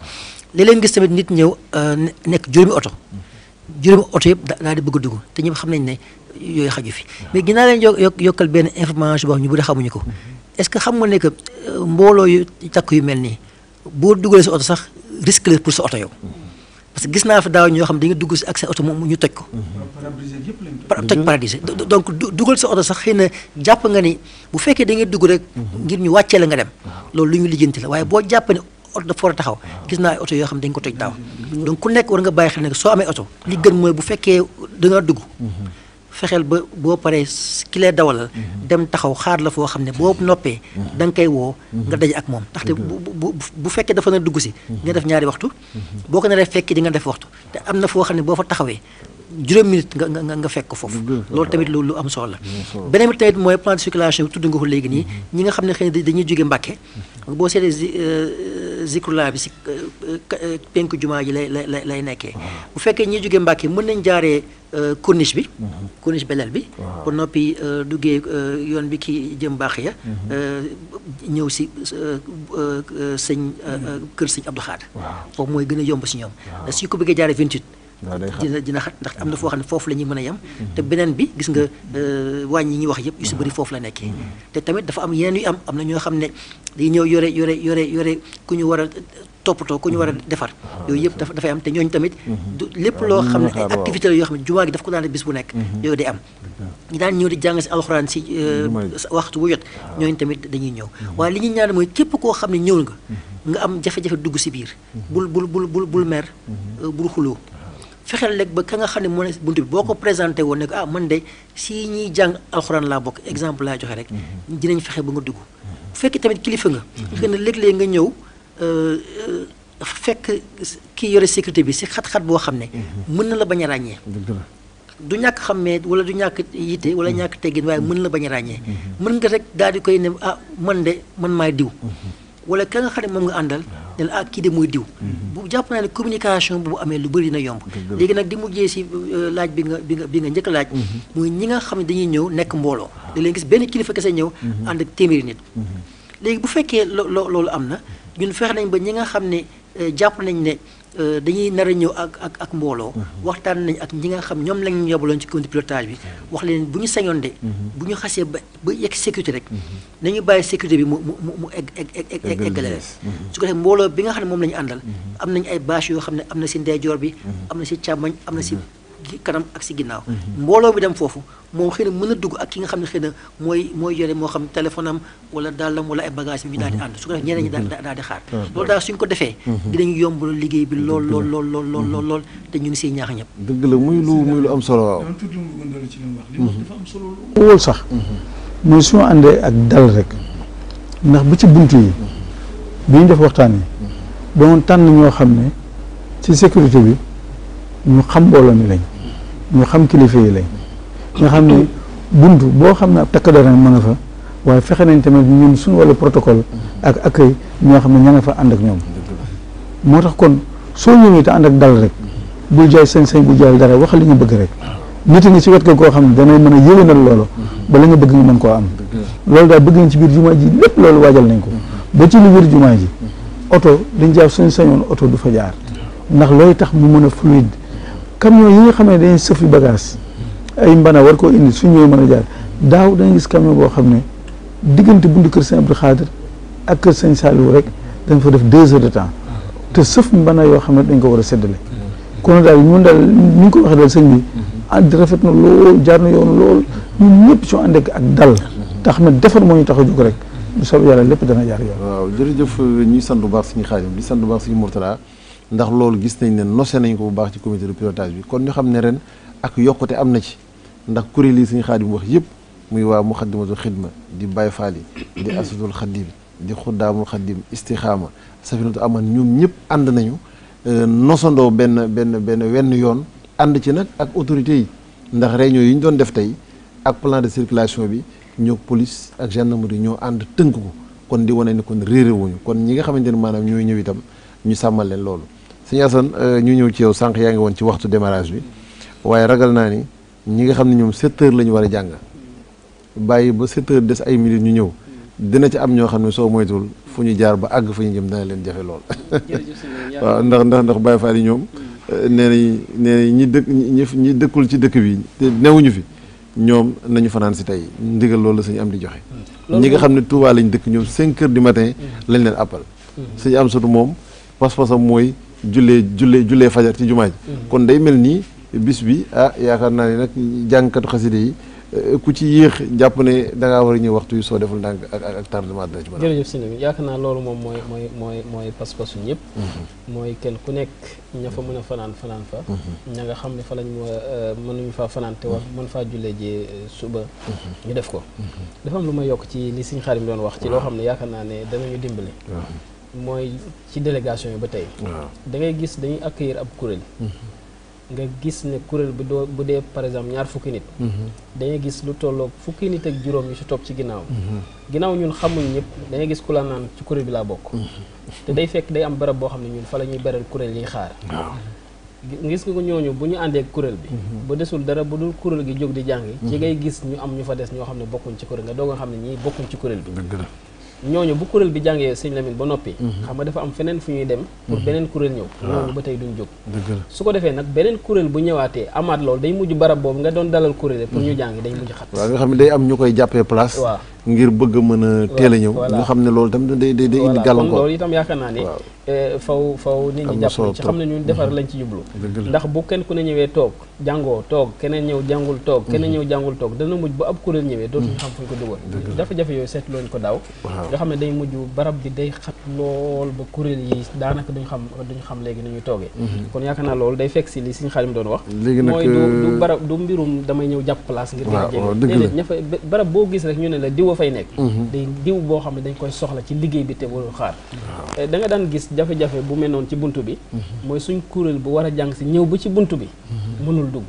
léeg-léeg gis tamit nit ñëw euh, nekk juróomi oto. Mhm. juróomi oto yëpp da daal di bëgg a dugg te ñëpp xam nañ ne yooyu xaju fi. mais ginnaaw leen yokk yokkal benn information boo xam ñu bëri xamuñu ko. Mhm. est-ce que xam nga ne que euh, mbooloo yu mel nii boo dugalee sa oto sax risque la pour sa oto yow parce que gis naa fi daaw ñoo xam dañuy dugg si ak sa oto moom ñu toj ko. toj mmh. paralysé donc dugal sa oto sax xëy na jàpp nga ni bu fekkee da ngay dugg rek. Mmh. ngir ñu wàccee la nga dem. loolu lu ñu lijjanti la waaye boo jàpp ne oto dafa war a taxaw gis naa ay oto yoo xam dañ ko toj daaw mmh. donc ku nekk war nga bàyyi xel ne soo amee oto. li gën mooy bu fekkee da nga dugg. fexeel ba boo paree ki dawalal. Mhm. dem taxaw xaar la foo xam ne boo noppee. Mhm. da koy woo. Mhm. nga daje ak moom ndaxte bu bu bu fekkee dafa na dugg si. nga def ñaari waxtu. boo ko naree fekki di nga def waxtu te am na foo xam ne boo fa taxawee. juróom minute nga nga nga fekk foofu loolu tamit lu lu am solo la beneen bi tamit mooy plan de circulation bi tudd nga ko léegi nii ñi nga xam ne xëy na dañuy jóge Mbàkke boo seetee euh, zikrullah bi si eh, eh, penku jumaa ji lay lay lay nekkee. bu fekkee ñi jóge Mbàkke mën nañ jaaree eh, corniche bi. corniche beleel bi. pour noppi duggee yoon bi ki jëm baax ya. Mhm. ñëw si sëñ kër sëñ Abdou Khadre. foofu mooy gën a yomb si ñoom. si ko bëggee jaaree 28. dina dina xat ndax am na foo xam ne foofu la mën a yem mm-hmm. te beneen bi gis nga euh, wàññi ñuy wax yëpp yu si mm-hmm. bëri foofu la nekkee mm-hmm. te tamit dafa am yeneen yu am am na ñoo xam ne day ñëw yore yore yore yore ku ñu war a toppatoo ku ñu war a defar ah, yooyu yëpp dafa dafay am te ñooñu tamit du lépp loo xam ne ay ah, activité yoo xam ne jumaa gi daf ko daan bis bu nekk yooyu de am ñu daan ñëw di jàng si alxuraan si euh, waxtu wu jot ah. ñooñu tamit dañuy ñëw waaye li ñu ñaan mooy képp koo xam ne ñëw nga nga am jafe dugg si biir bul bul bul bul bul mer euh, bul fexeel lekk ba ka nga xam ne moo ne buntu bi boo ko présenté woon ne ko ah man de si ñuy jàng alxuraan laa bokk exemple laa joxe rek mm-hmm. dinañ fexe ba nga dugg bu fekkee tamit kilifa nga fekkee ne léeg nga ñëw euh, euh, fekk kii yore sécurité bi si xat-xat boo xam ne mm-hmm. mën na la bañ a ràññee du ñàkk xam mee wala du ñàkk yitte wala mm-hmm. ñàkk teggin waaye mën la bañ ràññee mën nga rek daal di koy ne ah man de man maa diw wala ka nga xam ne moom nga àndal ne la ah, kii de mooy diw mhm. bu jàpp naa ne communication bu amee lu bëri na yomb léegi nag di mujjee si euh, laaj bi nga bi nga bi nga njëkk laaj mhm. muy ñi nga xam ne dañuy ñëw nekk mbooloo da leen gis benn kilifa kese ñëw mhm. ànd ak téeméeri nit léegi bu fekkee lo loolu am na ñun fexe nañ ba ñi nga xam ne euh, jàpp nañ ne Euh, dañuy nar a ñëw ak ak ak mbooloo. Mhm. waxtaan nañ ak ñi nga xam ñoom lañ yobaloon ci comité pilotage bi. Mhm. wax leen bu ñu señoon de. Mhm. bu ñu xasee ba ba yegg sécurité rek. nañu bàyyi sécurité bi mu mu mu mu egg egg egg egg eggale su ko defee mbooloo bi nga xam ne moom la ñu àndal. am nañ ay bâche yoo xam ne am na si ndeyjoor bi. am na si càmmoñ am na si. kanam ak si ginnaaw. Mhm. mbooloo bi dem foofu moom xëy mën a dugg ak ki nga xam ne xëy na mooy mooy yore moo xam téléphone am wala dàllam wala ay bagage bi ñu daal di mhm. ànd su ko defee ñeneen ñi daal mhm. di xaar. Ah, loolu daal ko defee. dinañ yomb liggéey bi lool lool lool lool lool lool te ñu ngi siy ñaax ñëpp. dëgg la muy lu muy lu am solo waaw. dafa am solo lu wóol sax. mooy su ma àndee ak dal rek ndax ba ci bunt yi bi ñu def waxtaan yi doon tànn ñoo xam ne ci sécurité bi. ñu xam mbooloo mi lañ ñu xam kilifa yi lañ nga xam ne bunt boo xam ne takk dara ma nga fa waaye fexe nañ tamit ñun suñu wàllu protocole ak accueil ñoo xam ne ña nga fa ànd ak ñoom moo tax kon soo ñëwee te ànd ak dal rek bul jaay sañ-sañ bu jaay dara wax li nga bëgg rek nit ñi ci wet ga koo xam ne danay mën a yéwénal loolu ba la nga bëgg nga mën koo am loolu daal bëgg nañ ci biir jumaa ji lépp loolu waajal nañ ko ba ci lu wér jumaa oto dañ jaay suñ sañoon oto du fa jaar ndax looy tax mu mën a fluide camion yi nga xam ne dañuy sëfi bagage ay mbana war koo indi su ñëwee mën a jaar daaw dañuy gis camion boo xam ne diggante buntu kër Sëñ Abdou Khadir ak kër Sëñ Saliou rek dañ fa def deux de temps te sëf mbana yoo xam ne dañ ko war a séddale. kon daal ñun daal ni ñu ko waxee daal sëñ bi ànd ah, rafet na lool jaar na yoon ak dal te xam ne defar moo ñu tax a jóg rek bu soobee lépp dana jaar yoon. waaw jërëjëf ñuy sant bu baax suñu xaadim di sant bu baax suñu Mourtala ndax loolu gis nañ ne nose nañ ko bu baax ci comité de pilotage bi kon ñu xam ne ren ak yokkute am na ci ndax kuréel yi suñu xaadim wax yëpp muy waa muxaddimatu xidma di Baye Fall yi di asadul xadim di xuddaamul xadim istixaama safinatu aman ñoom ñëpp ànd nañu euh, nosandoo benn benn benn wenn yoon ànd ci nag ak autorités yi ndax réunion yi ñu doon def tey ak plan de circulation bi ñoo police ak gendarmerie ñoo ànd tënk ko kon di wane ni kon réeré wuñu kon ñi nga xamante ne maanaam ñooy ñëw itam ñu sàmmal loolu sëñ Assane euh, ñu ñëw ci yow sànq yaa ngi woon ci waxtu démarage bi waaye ragal naa ni ñi nga xam ne ñoom 7 lañu la war a jàng bàyyi ba 7 heures des ay minutes ñu ñëw dina ci am ñoo xam ne soo moytuwul fu ñu jaar ba àgg fu ñu jëm dana leen jafe lool. waaw ndax ndax ndax Baye Fall yi ñoom. Euh, nee nañ nee ñi dëkk ñi ñi dëkkul ci dëkk bi te newuñu fi ñoom nañu fanaan si tey ndigal loolu suñu am di joxe. ñi nga xam ne Touba lañ dëkk ñoom 5 heures du matin. lañ leen appal. Mm-hmm. suñu am moom pas-pasam mooy. jullee jullee jullee fajar ci jumaa ji hmm. kon day mel nii bis bi ah yaakaar naa ne nag jàngkatu xaside yi eh, ku ci yéex jàpp ne da ngaa war a ñëw waxtu soo deful ndànk ak ak tardement dina ci mën yaakaar naa loolu moom mooy mooy mooy mooy pas-pasu ñëpp. Hmm. mooy kenn ku nekk ña fa mën a fanaan fanaan fa. Hmm. ña nga xam ne fa lañ eh, mënuñu faa fanaan te mën faa jullee ji eh, suba. ñu def ko. dafa am yokk ci li sëñ Xaadim doon wax. ci loo ah. xam ne yaakaar naa ne danañu dimbali. Ah. mooy ci délégation yi ba tey. dangay gis dañuy accueillir ab kuréel. Mm-hmm. nga gis ne kuréel bi doo bu dee par exemple ñaar fukki nit. Mm-hmm. dañuy gis lu tolloog fukki nit ak juróom yu si topp ci ginnaaw. Mm-hmm. ginnaaw ñun xamuñ ñëpp dañuy gis ku la naan ci kuréel bi laa bokk. te day fekk day am barab boo xam ne ñun fa la ñuy beral kuréel yiy xaar. gis nga ko ñooñu bu ñu àndee kuréel bi. ba desul dara bu dul kuréel gi jóg di jàngi. ci ngay gis ñu am ñu fa des ñoo xam ne ci kuréel nga doog nga xam ne ñii bokkuñ ci kuréel bi. ñooñu bu kuréel bi jàngee sëñ Lamine ba noppi mhm. xam nga dafa am feneen fu ñuy dem pour mhm. beneen kuréel ñëw ñooñu ah. ba tey duñ jóg su ko defee nag beneen kuréel bu ñëwaatee amaat loolu day mujj barab boobu nga doon dalal kuréel pour ñu mhm. jàng day mujj xat waaw nga xam ne day am ñu koy jàppee place waaw ngir bëgg mën a teel a ñëw nga xam ne loolu tam day day day indi gàllankoor loolu itam yaakaar naa ne eh, faw faw nit ñi jàpp ci xam ne ñun defar lañ ci jublu ndax bu kenn ku ne ñëwee toog jàngoo toog keneen ñëw jàngul toog mhm. keneen ñëw jàngul toog dana mujj bu ab kuréel ñëwee mhm. dootuñu xam fuñ ko dugal jafe-jafe yooyu seet looñ ko daaw nga xam ne day mujj barab bi day xat lool ba kuréel yi daanaka duñ xam duñ xam léegi ni ñuy toogee mhm. kon yaakaar naa loolu day fekk si li suñu xaalim doon wax mooy du euh, barab du mbirum damay ñëw jàpp place ngir dégg ña fa barab boo gis rek ñu ne la diw diw a fay nekk mhm. day diw boo xam ne dañ koy soxla ci liggéey bi te warul xaar eh, da nga daan gis jafe-jafe bu mel noonu ci bunt bi mhm. mooy suñ kuréel bu war a jàng si ñëw ba ci bunt bi mhm. mënul dugg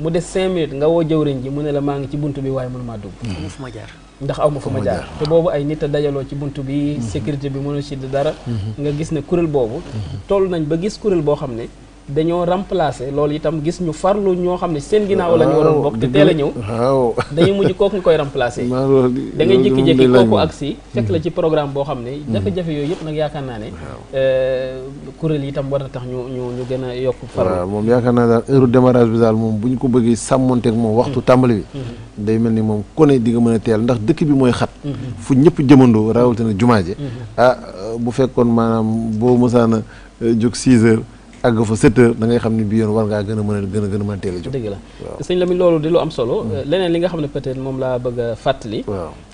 mu des cinq minutes nga woo jëwriñ ji mu ne la maa ngi ci bunt bi waaye maa dugg fu ma jaar ndax aw ma fa ma jaar te boobu ay nit a dajaloo ci bunt bi sécurité bi mënul ci dara nga gis ne kuréel boobu toll nañ ba gis kuréel boo xam ne dañoo remplacer loolu itam gis ñu farlu ñoo xam ne seen ginnaaw la ñu waroon bokk te a ñëw waaw dañuy mujj kooku nga koy remplacer da ngay jékki-jékki kooku agsi fekk la ci programme boo xam ne mm-hmm. jafe-jafe yooyu yëpp nag yaakaar naa ne euh, kuréel yi itam war na tax ñu ñu ñu gën yokk farlu moom yaakaar naa daal heure démarrage bi daal moom bu ñu ko bëggee sàmmonteeg moom mm-hmm. waxtu tàmbali bi mm-hmm. day mel ni moom ku dinga di mën a teel ndax dëkk bi mooy xat fu ñëpp jëmandoo rawatina jumaa ji ah bu fekkoon maanaam boo mësaan a euh, jóg 6 heures àgg fa 7 heures da ngay xam ne bii yoon war ngaa gën a mën a gën a gën a mën a teel a jóg dëgg la sëñ Lamine loolu di lu am solo hmm. leneen li nga xam ne peut-être moom laa bëgg a fàttali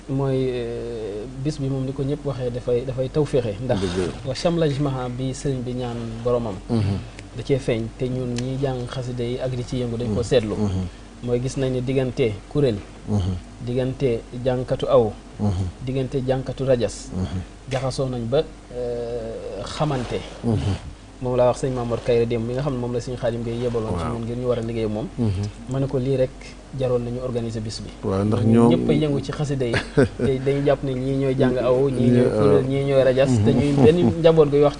mooy euh, bis bi moom ni ko ñëpp waxee dafay dafay taw féexe ndax wa chamlajmaha bi sëriñ bi ñaan boromam hmm. da cee feeñ te ñun ñiy jàng xasida yi ak di ci yëngu dañ ko hmm. seetlu mooy gis nañ ne diggante kuréel diggante jànkatu aw diggante jànkatu rajas jaxasoo nañ ba euh, xamante moom laa wax sëñ Mamour Kayre démb mi nga xam ne moom la sëñ Xaadim Gaye yebaloon ci ñun ngir ñu war a liggéey moom mhm. ma ne ko lii rek jaroon nañu organiser bi waaw a yëngu ci xasida yi te dañu jàpp ne ñii ñooy jàng aw ñii ñooy kuréel ñii ñooy rajas te ñuy mhm. benn njaboot guy wax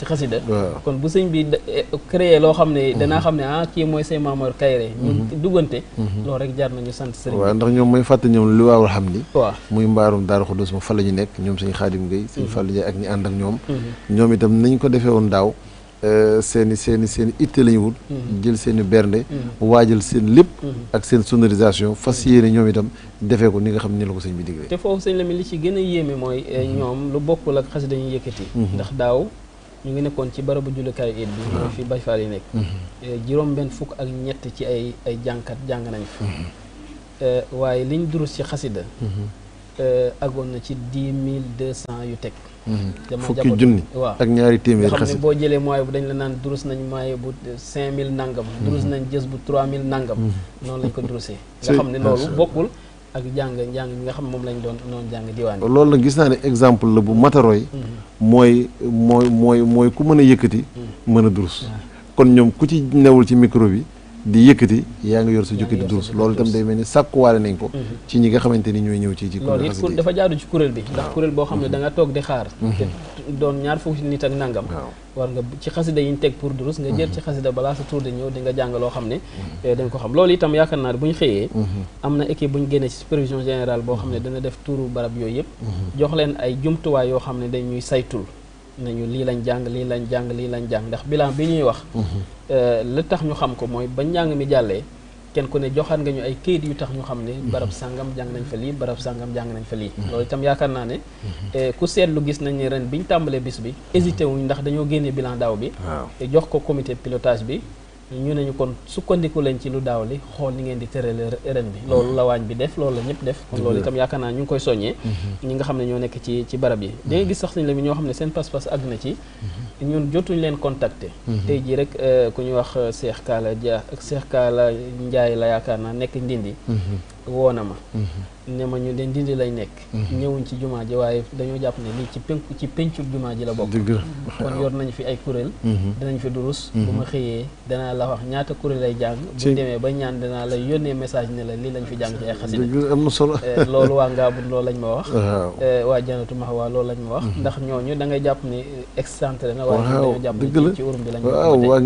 kon bu sëñ bi eh, créé loo xam ne mhm. danaa xam ne ah kii mooy sëñ Mamour Kayre ñu duggante loolu rek jar nañu sant sëriñ waaw ndax ñoom may fàtte ñoom li waarul xam ni waaw muy mbaarum Daaru Xudus ma fa la ñu nekk ñoom sëñ Xaadim Gaye sëñ fa Ndiaye ak ñi ànd ak ñoom ñoom itam nañ ko defee woon daaw Euh, seen i seen seen i itte la wut mhm. jël seen i waa waajal seen lépp mhm. ak seen sonorisation mhm. fas yéene ñoom itam defee ko ni nga xam ne la ko sëñ bi digle te foofu sëñ mi li ci gën a yéeme mooy eh, ñoom lu bokk ak xasida dañuy yëkkati ndax daaw ñu ngi nekkoon ci barabu jullikaay it bi mooy ah. fi Baay Faal yi nekk eh, juróom benn fukk ak ñett ci ay ay jànkat jàng nañ fi eh, waaye liñ durus ci xasida agoon euh, na ci dix mille deux cent yu teg. Mhm. dama fukki junni waaw ak ñaari téeméer xase xam ne boo jëlee mooy bu dañ la naan durus nañ mooy bu cinq mille nangam. Mhm. durus nañ jës bu trois mille nangam. Mhm. noonu lañ ko durusee. nga xam ne loolu bokkul ak jàng njàng bi nga xam moom lañ doon noonu jàng diwaan yi. loolu nag gis naa ne exemple la bu mataroy mooy mooy mooy mooy ku mën a yëkkati. mën a durus. kon ñoom ku ci newul ci micro bi. di yëkkati yaa ngi yor sa jukki di durus loolu itam day mel ni sàkkuwaale nañ ko mhm. ci ñi nga xamante ni ñooy ñëw ci ci loolu it dafa jaadu ci kuréel bi ndax kuréel boo xam ne mhm. danga toog di xaar mhm. te doon ñaar fukki nit ak nangam war nga ci xasida yi ñu teg pour durus nga jël ci xasida balaa sa tour di ñëw di nga loo xam ne eh, dañ ko xam loolu itam yaakaar naa ne bu ñu xëyee am na équipe bu ñu génnee ci supervision générale boo xam ne dana def tuuru barab yooyu yëpp jox leen ay jumtuwaay yoo xam ne dañuy saytul nañu lii lañ jàng lii lañ jàng lii lañ jàng ndax bilan bi ñuy wax mhm. euh, li tax ñu xam ko mooy ba njàng mi jàllee kenn ku ne joxaat nga ñu ay kayit yu tax ñu xam ne mhm. barab sàngam jàng nañ fa lii barab sàngam jàng nañ fa lii mhm. loolu itam yaakaar naa ne euh, ku seetlu gis nañ ne ren bi tàmbalee bis bi hésité wuñ ndax dañoo génnee bilan daaw bi jox ko comité pilotage bi ñu ne ñu kon sukkandiku leen ci lu daaw li xool ni ngeen di tërale ren bi loolu mm-hmm. la waañ bi def loolu la ñëpp def kon loolu itam yaakaar naa ñu ngi koy soññee mm-hmm. ñi nga xam ne ñoo nekk ci ci barab yi mm-hmm. da nga gis sax lañ la mi ñoo xam ne seen pas-pas àgg na ci ñun jotuñ leen contacter tey jii rek euh, ku ñuy wax euh, Cheikh kaala Dia ak Cheikh Kala Ndiaye la yaakaar naa nekk Ndindi woon na ma mhm. ne ma ñu den dindi lay nekk mhm. ñëwuñ ci jumaa ji waaye dañoo jàpp ne lii ci pénku ci péncub jumaa ji la bokk kon yor nañ fi ay kuréel mhm. dinañ fi durus bu ma xëyee danaa la wax ñaata kuréel lay jàng bu demee ba ñaan danaa la yónnee message ne la lii lañ fi jàng ci ay xasida am na solo eh, loolu waa Ngaabun loolu lañ ma wax eh, waa Janatu Mahwa loolu lañ ma wax ndax ñooñu da ngay jàpp ne excentré na waaye dañoo jàpp ne ci urum bi lañ waaw waa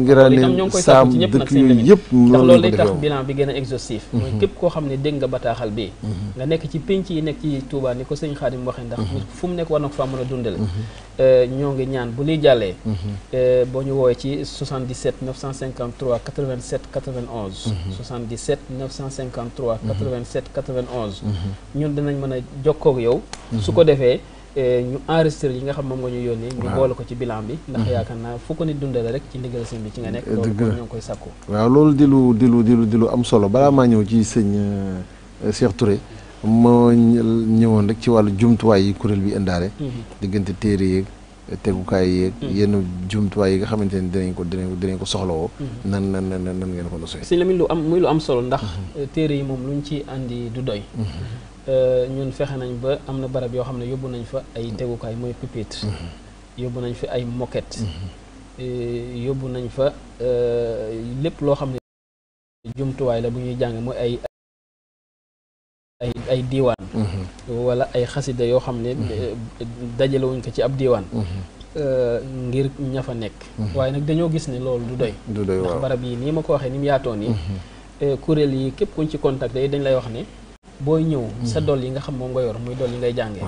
bi gën a exhaustif mooy nga bataaxal bii mhm. nga nekk ci pénc yi nekk ci Touba ni ko sëñ Xaadim waxee ndax mhm. fu mu nekk war na ko faa mën a dundale mhm. euh, ñoo ngi ñaan bu liy jàllee euh, boo ñu woowee ci 77 953 87 91 77 953 87 91 ñun dinañ mën a jokkoog yow su ko defee euh, ñu enregistré yi nga xam moom nga ñu yónnee. ñu boole ko ci bilan bi. ndax yaakaar naa foo ko nit dundale rek ci ndigal sëñ bi ci nga nekk. loolu ñoo ngi koy sàkku. waaw loolu di lu Cheikh Touré moo ñëwoon rek ci wàllu jumtuwaay yi kuréel bi indaale. Mhm. diggante téere yeeg tegukaay yeeg. Mhm. yenn jumtuwaay yi nga xamante ne dinañ ko dinañ ko ko soxlawoo. Mhm. nan nan nan nan ngeen ko nosee. sëñ Lamine lu am muy lu am solo ndax. Euh, téere yi moom luñ ci andi du doy. Euh, ñun fexe nañ ba am na barab yoo xam ne yóbbu nañ fa ay tegukaay mooy pupitre. yóbbu nañ fi ay moquette. yóbbu nañ fa euh, lépp loo xam ne jumtuwaay la bu ñuy jàng mooy ay. ay ay diiwaan mm-hmm. wala ay xasida yoo xam ne mm-hmm. dajalewuñ ko ci ab diiwaan mm-hmm. euh, ngir ñafa nekk waaye nag dañoo gis ne loolu du doy ndax barab yi nii ma ko waxee ni mu yaatoon yi euh, kuréel yi képp kuñ ci contacté yi dañ lay wax ne booy ñëw hmm. sa dol yi nga xam moom nga yor muy dol yi ngay jàngee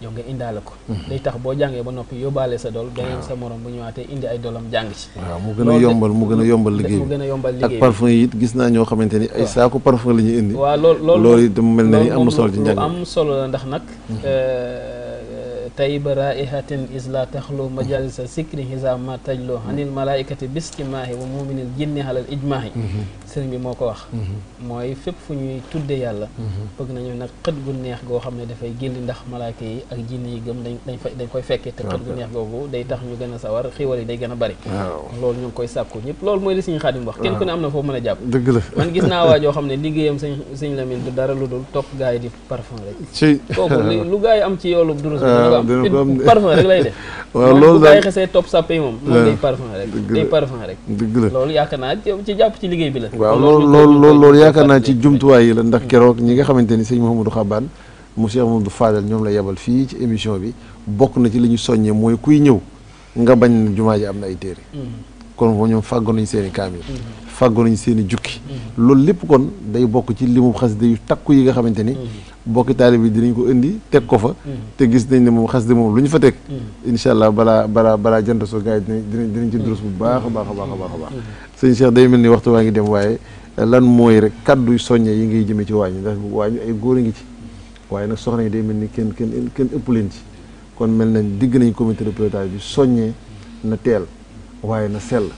yow nga indaale ko hmm. day tax boo jàngee ba noppi yóbbaale sa dol beneen sa morom bu ñëwaatee indi ay dolam jàng ci mu gën a yombal mu gën a yombal liggéey mu gën yombal liggéey ak parfum yi gis naa ñoo xamante ni ay saako parfum la ñuy indi waaw loolu loolu loolu it mel na ni am solo ci njàng am solo la ndax nag hmm. euh, tayba raihatin isla taxlu majalisa sikri hisaam ma tajloo anil malaikati bistimaahi wa muminil jinni halal ijmaahi mhm. sëriñ bi moo ko wax mhm. mooy fépp fu ñuy tudde yàlla mhm. bëgg nañu nag xët gu neex goo xam ne dafay gilli ndax malaaka yi ak jinni yi gëm dañ dañ dañ koy fekkee te xët gu neex googu day tax ñu gën a sawar xiiwal yi day gën a bari loolu ñu ngi koy sàkku ñëpp loolu mooy li suñu xaadim wax kenn ku ne am na foo mën a jàpp dëgg la man gis naa waajoo xam dina ko am loolu daal bu xasee topp moom. moom day rek dëgg la loolu yaakaar naa ci liggéey bi la. waaw loolu loolu naa ci jumtuwaay yi la ndax mm. keroog ñi nga xamante ni sëñ Mouhamadou Xabaan mu Cheikh Mouhamadou Fadel ñoom la yebal fii ci émission bi bokk na ci li ñu soññee mooy kuy ñëw nga bañ jumaa ji am na ay téere mm. kon foofu ñoom fàggu nañ seen i kaamil fàggu nañ seen i jukki loolu lépp kon day bokk ci limu xas di takku yi nga xamante ni bokki taalib yi dinañ ko indi teg ko fa te gis nañ ne moom xas di moom lu ñu fa teg incha allah balaa balaa balaa jant soo gars yi dinañ dinañ ci durus bu baax baax a baax baax a baax sëñ day mel ni waxtu waa ngi dem waaye lan mooy rek kàdduy soññe yi ngay jëmee ci waañ waañu ndax waañu ay góor a ngi ci waaye nag soxna yi day mel ni kenn kenn kenn ëpp leen ci kon mel nañ digg nañ comité de pilotage bi soññee na teel waaye na sell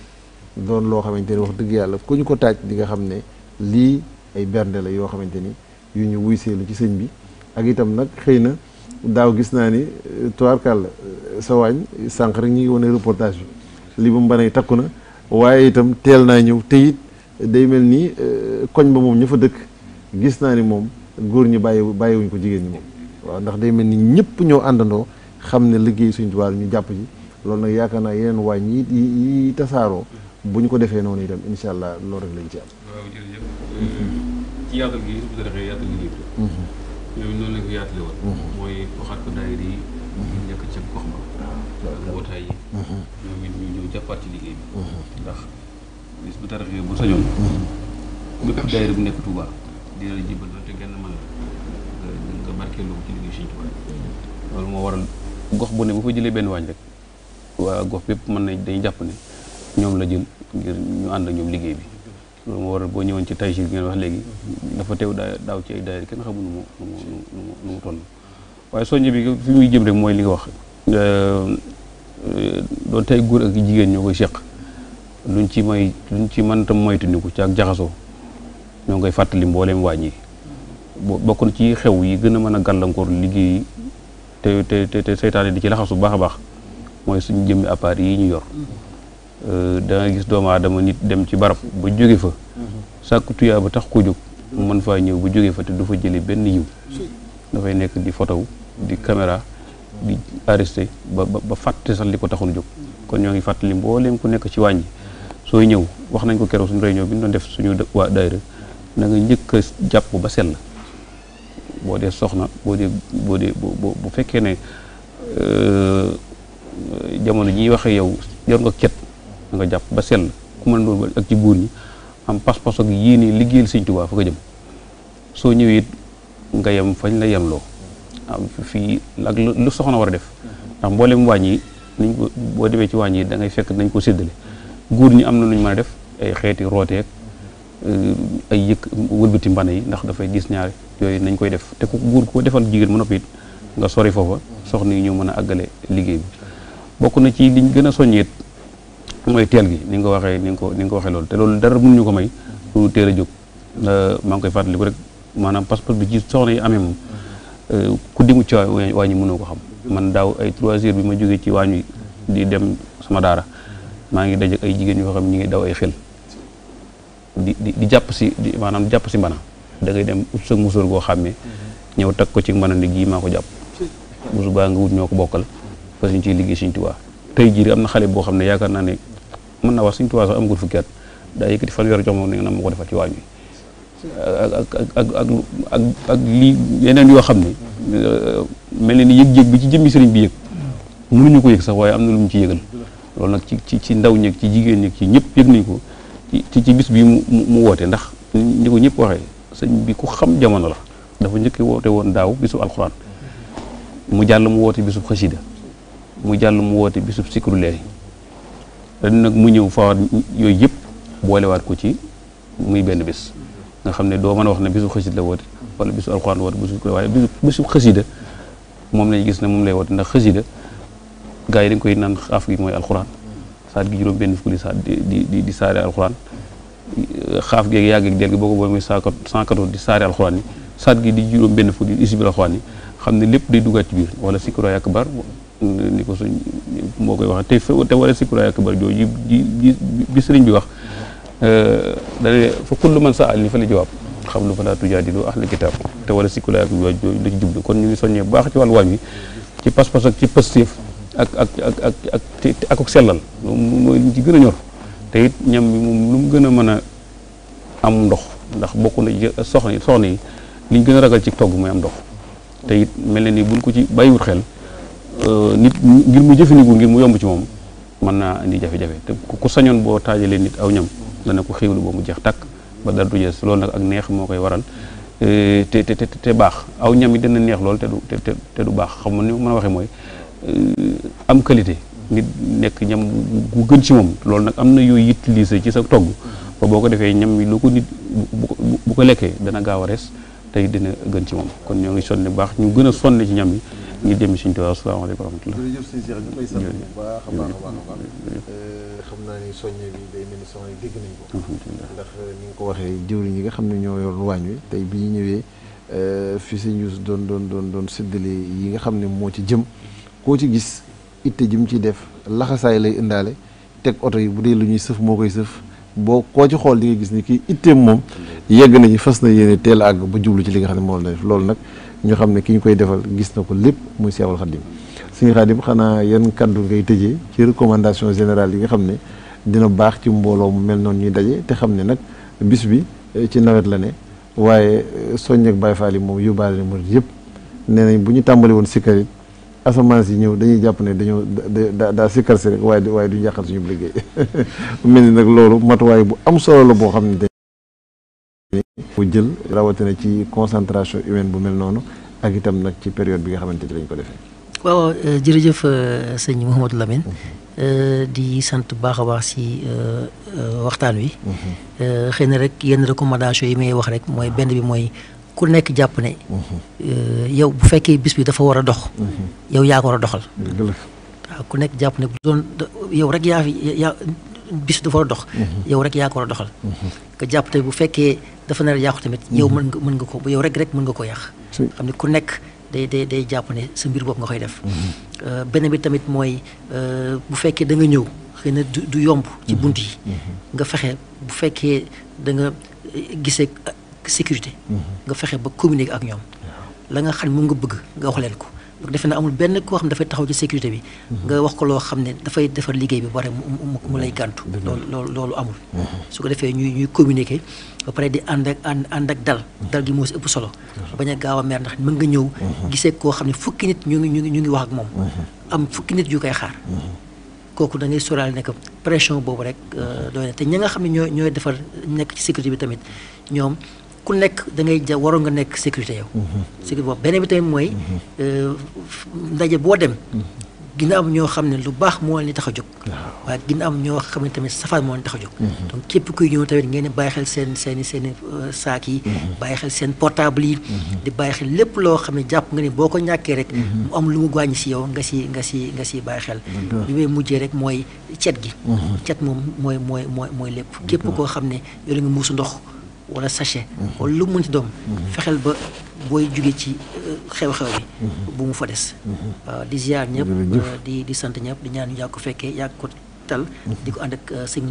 doon loo xamante ni wax dëgg yàlla ku ñu ko taaj di nga xam ne lii ay bernde la yoo xamante ni yu ñu wuy seelu ci sëñ bi ak itam nag xëy na daaw gis naa ni euh, tubaarkàlla euh, sa waañ sànq rek ñu ngi wane reportage bi mu mbanay takku na waaye itam teel naa ñëw te day mel ni euh, koñ ba moom ña fa dëkk gis naa ni moom góor ñi bàyyi bàyyiwuñ ko jigéen ñi moom waaw ndax day mel ni ñëpp ñoo àndandoo xam ne liggéey suñu tubaab ñu jàpp ji loolu nag yaakaar naa yeneen waañ yi yi tasaaroo bu ñu ko defee noonu itam incha allah loolu rek lañ ci am. waaw jërëjëf. Mhm. ci yaatal gi su ko defee yaatal gi ñoom mhm. noonu mhm. nekk ca gox ba. Ah, bi. ndax loolu moo waral gox bu ne bu fa jëlee benn waañ rek. waa gox bépp mën nañ dañuy jàpp ne ñoom la jël ngir ñu ànd ñoom liggéey bi loolu moo waral boo ñëwoon ci Taysir ngeen wax léegi dafa teew daa daaw ci ay daayira kenn xamul nu mu nu mu nu mu waaye soññe bi fi muy jëm rek mooy li nga wax euh, euh, doon tey góor ak jigéen ñoo koy seq luñ ci may luñ ci mënta moytandiku ci ak jaxasoo ñoo ngay fàttali mbooleem waañ yi bokk na ci xew yi gën a mën a gàllankoor liggéey yi te te te seytaane di ci laxasu baax a baax mooy suñu jëmmi appareil yi ñu yor euh, da gis doomu aadama nit dem ci barab ba jóge fa sàkku tuyaa ba tax ko jóg mu mën faa ñëw ba jóge fa te du fa jële benn yiw dafay nekk di photo di kamera di arrêté ba ba fàtte sax li ko taxoon jóg kon ñoo ngi fàttali leen ku nekk ci wàññi sooy ñëw wax nañ ko keroog suñu réunion bi ñu doon def suñu waa daayira na nga njëkk a jàpp ba sell boo dee soxna boo dee boo dee bu fekkee ne euh, jamono ji waxe yow yor nga ket da nga jàpp ba sell ku mën doon ak ci buur ñi am pas-pas ak yéene liggéeyal sëñ Tuubaa fa ko jëm soo ñëwee it nga yem fañ la yemloo am fii ak lu soxna war a def ndax mboolem wàññi yi ko boo demee ci wàññi yi da ngay fekk nañ koo seddale góor ñi am na lu ñu a def ay xeeti rooteek ay yëkk wëlbati mbana yi ndax dafay gis ñaar yooyu nañ koy def te ku góor ko defal jigéen mu noppi nga sori foofa soxna yi ñoo mën a àggale liggéey bokk na ci liñ gën a soññeet mooy teel gi ni nga ko waxee ni nga ko ni nga ko waxee loolu te loolu dara ñu ko may lu teel a jóg maa ngi koy fàttaliku rek maanaam passeport bi ci soxna yi amee moom ku dimu ci waa ñi mënoo ko xam man daaw ay trois bi ma jógee ci waañ wi di dem sama daara maa ngi daje ay jigéen yoo xam ñi ngi daw ay di di jàpp si di maanaam jàpp si mbana dangay dem ut sa goo xam ne ñëw takk ko ci mbana ni gii maa ko jàpp bu subaa nga wut ñoo ko bokkal fas ñu ciy liggéey Sëñ Tuubaa tey jii am na xale boo xam ne yaakaar naa ne mën naa wax Sëñ Tuubaa sax amagul fukki at daa yëkkati fanweer jox na ma ko defal ci ak ak ak lii yeneen yoo xam ne euh, mel ne ni yëg-yëg ci jëmmi sëriñ bi mënuñu ko yëg sax waaye am na lu mu ci yëgal loolu nag ci ci ci ndaw ñeeg ci jigéen ñeeg ci ñëpp yëg nañ ko ci ci bis bii mu mu woote ndax ni ñëpp waxee sëñ xam jamono la dafa njëkk woote woon daaw bisu alxuraan mu jàll mu woote bisu xasida mu jàll mu woote bisub sikru leer yi ren nag mu ñëw fawaat yooyu yëpp boolewaat ko ci muy benn bis nga xam ne doo mën a wax ne bisu xasida la woote wala bisu alxuraan woote bisu waaye bisu bisu xasida moom lañ gis ne moom lay woote ndax xasida gaa yi dañ koy naan xaaf gi mooy alxuraan gi juróom benn fukki saat di di di saare alxuraan xaaf yàgg ak del gi boo ko booy mooy di saare alxuraan yi saat gi di juróom benn fukki isibil alxuraan yi xam ne lépp day dugaat ci biir wala sikro akbar ni ko suñ moo koy wax te te war a sikkuraay akbar jooju ji ji bi sëriñ bi wax euh, dane fa kullu man sa al fa la jawaab xam lu fa laa tujaadilu ahla kitaab te war a sikkuraay akbar jooju la ci jublu kon ñu ngi soñee bu baax ci wàllu waañ wi ci pas-pas ak ci pëstéef ak ak ak ak ak sellal ci gën a ñor te it ñam bi lu mu gën a mën a am ndox ndax bokk na soxna soxna yi liñ gën a ragal ci togg mooy am ndox te it mel na ni buñ ko ci bàyyiwut xel Euh, nit ngir mu jëfandikoo ngir mu yomb ci moom mën naa indi jafe-jafe te ku sañoon boo taajalee nit aw ñam dana ko xéwlu ba mu jeex tàkk ba dara du jees loolu nag ak neex moo koy waral euh, te te te te baax aw ñam yi dana neex lool te du te te du baax xam nga ni mën a waxee mooy euh, am qualité. nit nekk ñam gu gën ci moom loolu nag am na yooyu utilisé ci sa togg ba boo ko defee ñam yi lu ko nit bu ko lekkee dana gaaw a res tey dina gën ci moom kon ñoo ngi sonne baax ñu gën a sonne ci ñam yi. ngir jëm suñu Tuubaa asalaamaaleykum wa rahmatulah. jërëjëf sëñ Cheikh ñu a baax a a euh, xam naa ni euh, ko. waxee jëwriñ yi nga xam ne ñoo yor waañ wi tey bii ñu ñëwee euh, fi sëñ Yuus doon doon doon doon séddale yi nga xam ne moo ci jëm koo ci gis itte jëm ciy def laxasaay lay indaale teg oto yi bu dee lu ñuy sëf moo koy sëf boo koo ci xool li nga gis ni kii itteem moom yegg nañu fas na yéene teela àgg ba jublu ci li nga xam ne moom la def loolu nag ñu xam ne ki ñu koy defal gis na ko lépp muy Seexul Xadim Sëñ Xadim xanaa yenn kaddu ngay tëjee ci recommandation générale yi nga xam ne dina baax ci mbooloo mu mel noonu ñuy daje te xam ne nag bis bi eh, ci nawet la ne waaye eh, soññeek Baay Faal yi moom yóbbaale na murit yëpp ne nañ bu ñu tàmbali woon sikkar it asamaan si ñëw dañuy jàpp ne dañoo da daa sikkar si rek waaye waaye duñu yàqal suñu liggéey mel ni nag loolu matuwaay bu am solo la boo xam ne mu jël rawatina ci concentration humaine bu mel noonu ak itam nag ci période bi nga xamante ci lañ ko defee. waaw euh, jërëjëf euh, sëñ Mouhamadou Lamine. Mhm. Euh, di sant bu baax a baax si waxtaan wi. Mhm. xëy na rek yenn recommandation yi may wax rek mooy benn bi mooy ku nekk jàpp ne. Mhm. yow bu fekkee bis bi dafa war a dox. yow yaa ko war a doxal. waaw ku nekk jàpp ne bu doon yow rek yaa fi yaa bis dafa war a dox. Mhm. yow rek yaa ko war a doxal. que mhm. jàpp te bu fekkee dafa nar yàqu tamit. yow mhm. mën nga mën nga ko yow rek rek mën nga ko yàq. xam ne ku nekk day day day jàpp ne sa mbir bopp nga koy def. Euh, benn bi tamit mooy euh, bu fekkee da nga ñëw xëy na du yomb. ci bunt yi. nga fexe bu fekkee da nga euh, gisee sécurité. nga fexe ba communiquer ak ñoom. la nga xam ne nga bëgg nga wax ko. defe naa amul benn koo xam ne dafay taxaw ci sécurité bi. Mhm. nga wax ko loo xam ne dafay defar liggéey bi bare mu mu lay gàntu. loolu loolu loolu amul. Mhm. su ko defee ñuy ñuy communiquer ba pare di ànd ak ànd ak dal. Mhm. dal gi moo si ëpp solo. bañ a gaaw a meer ndax mën nga ñëw. gisee koo xam ne fukki nit ñu ngi ñu ngi ñu ngi wax ak moom. am fukki nit yu koy xaar. kooku da ngay sóoraale ne pression boobu rek euh, doy na te ña nga xam ne ñooy ñooy defar nekk ci sécurité bi tamit ñoom. ku nekk da ngay ja waroon nga nekk sécurité yow. Mhm. sécurité boobu beneen bi tamit mooy. Mhm. Euh, ndaje boo dem. gina mhm. am ñoo xam ne lu baax mooy leen tax a jóg. waaye gina am ñoo xam ne tamit safaan moo leen jóg. donc képp kuy ñëw tamit ngeen di bàyyi seen seen i seen i euh, bàyyi xel seen portable yi. di bàyyi lépp loo xam ne jàpp nga ne boo ko ñàkkee rek. mu am lu mu gàññ si yow nga si nga si nga si bàyyi xel. li may mujjee rek mooy cet gi. cet moom mooy mooy mooy mooy lépp. képp koo xam ne yore nga muusu ndox. wala sachet. wala lu mu mën ci doom. Mhm. fexeel ba booy jugee ci euh, xew-xew bi. Mhm. bu mu fa des. Mhm. Euh, di ziar ñëpp euh, di di sant ñëpp di ñaar ñu yàgg ko fekkee yàgg ko tal. di ko ànd ak sëñ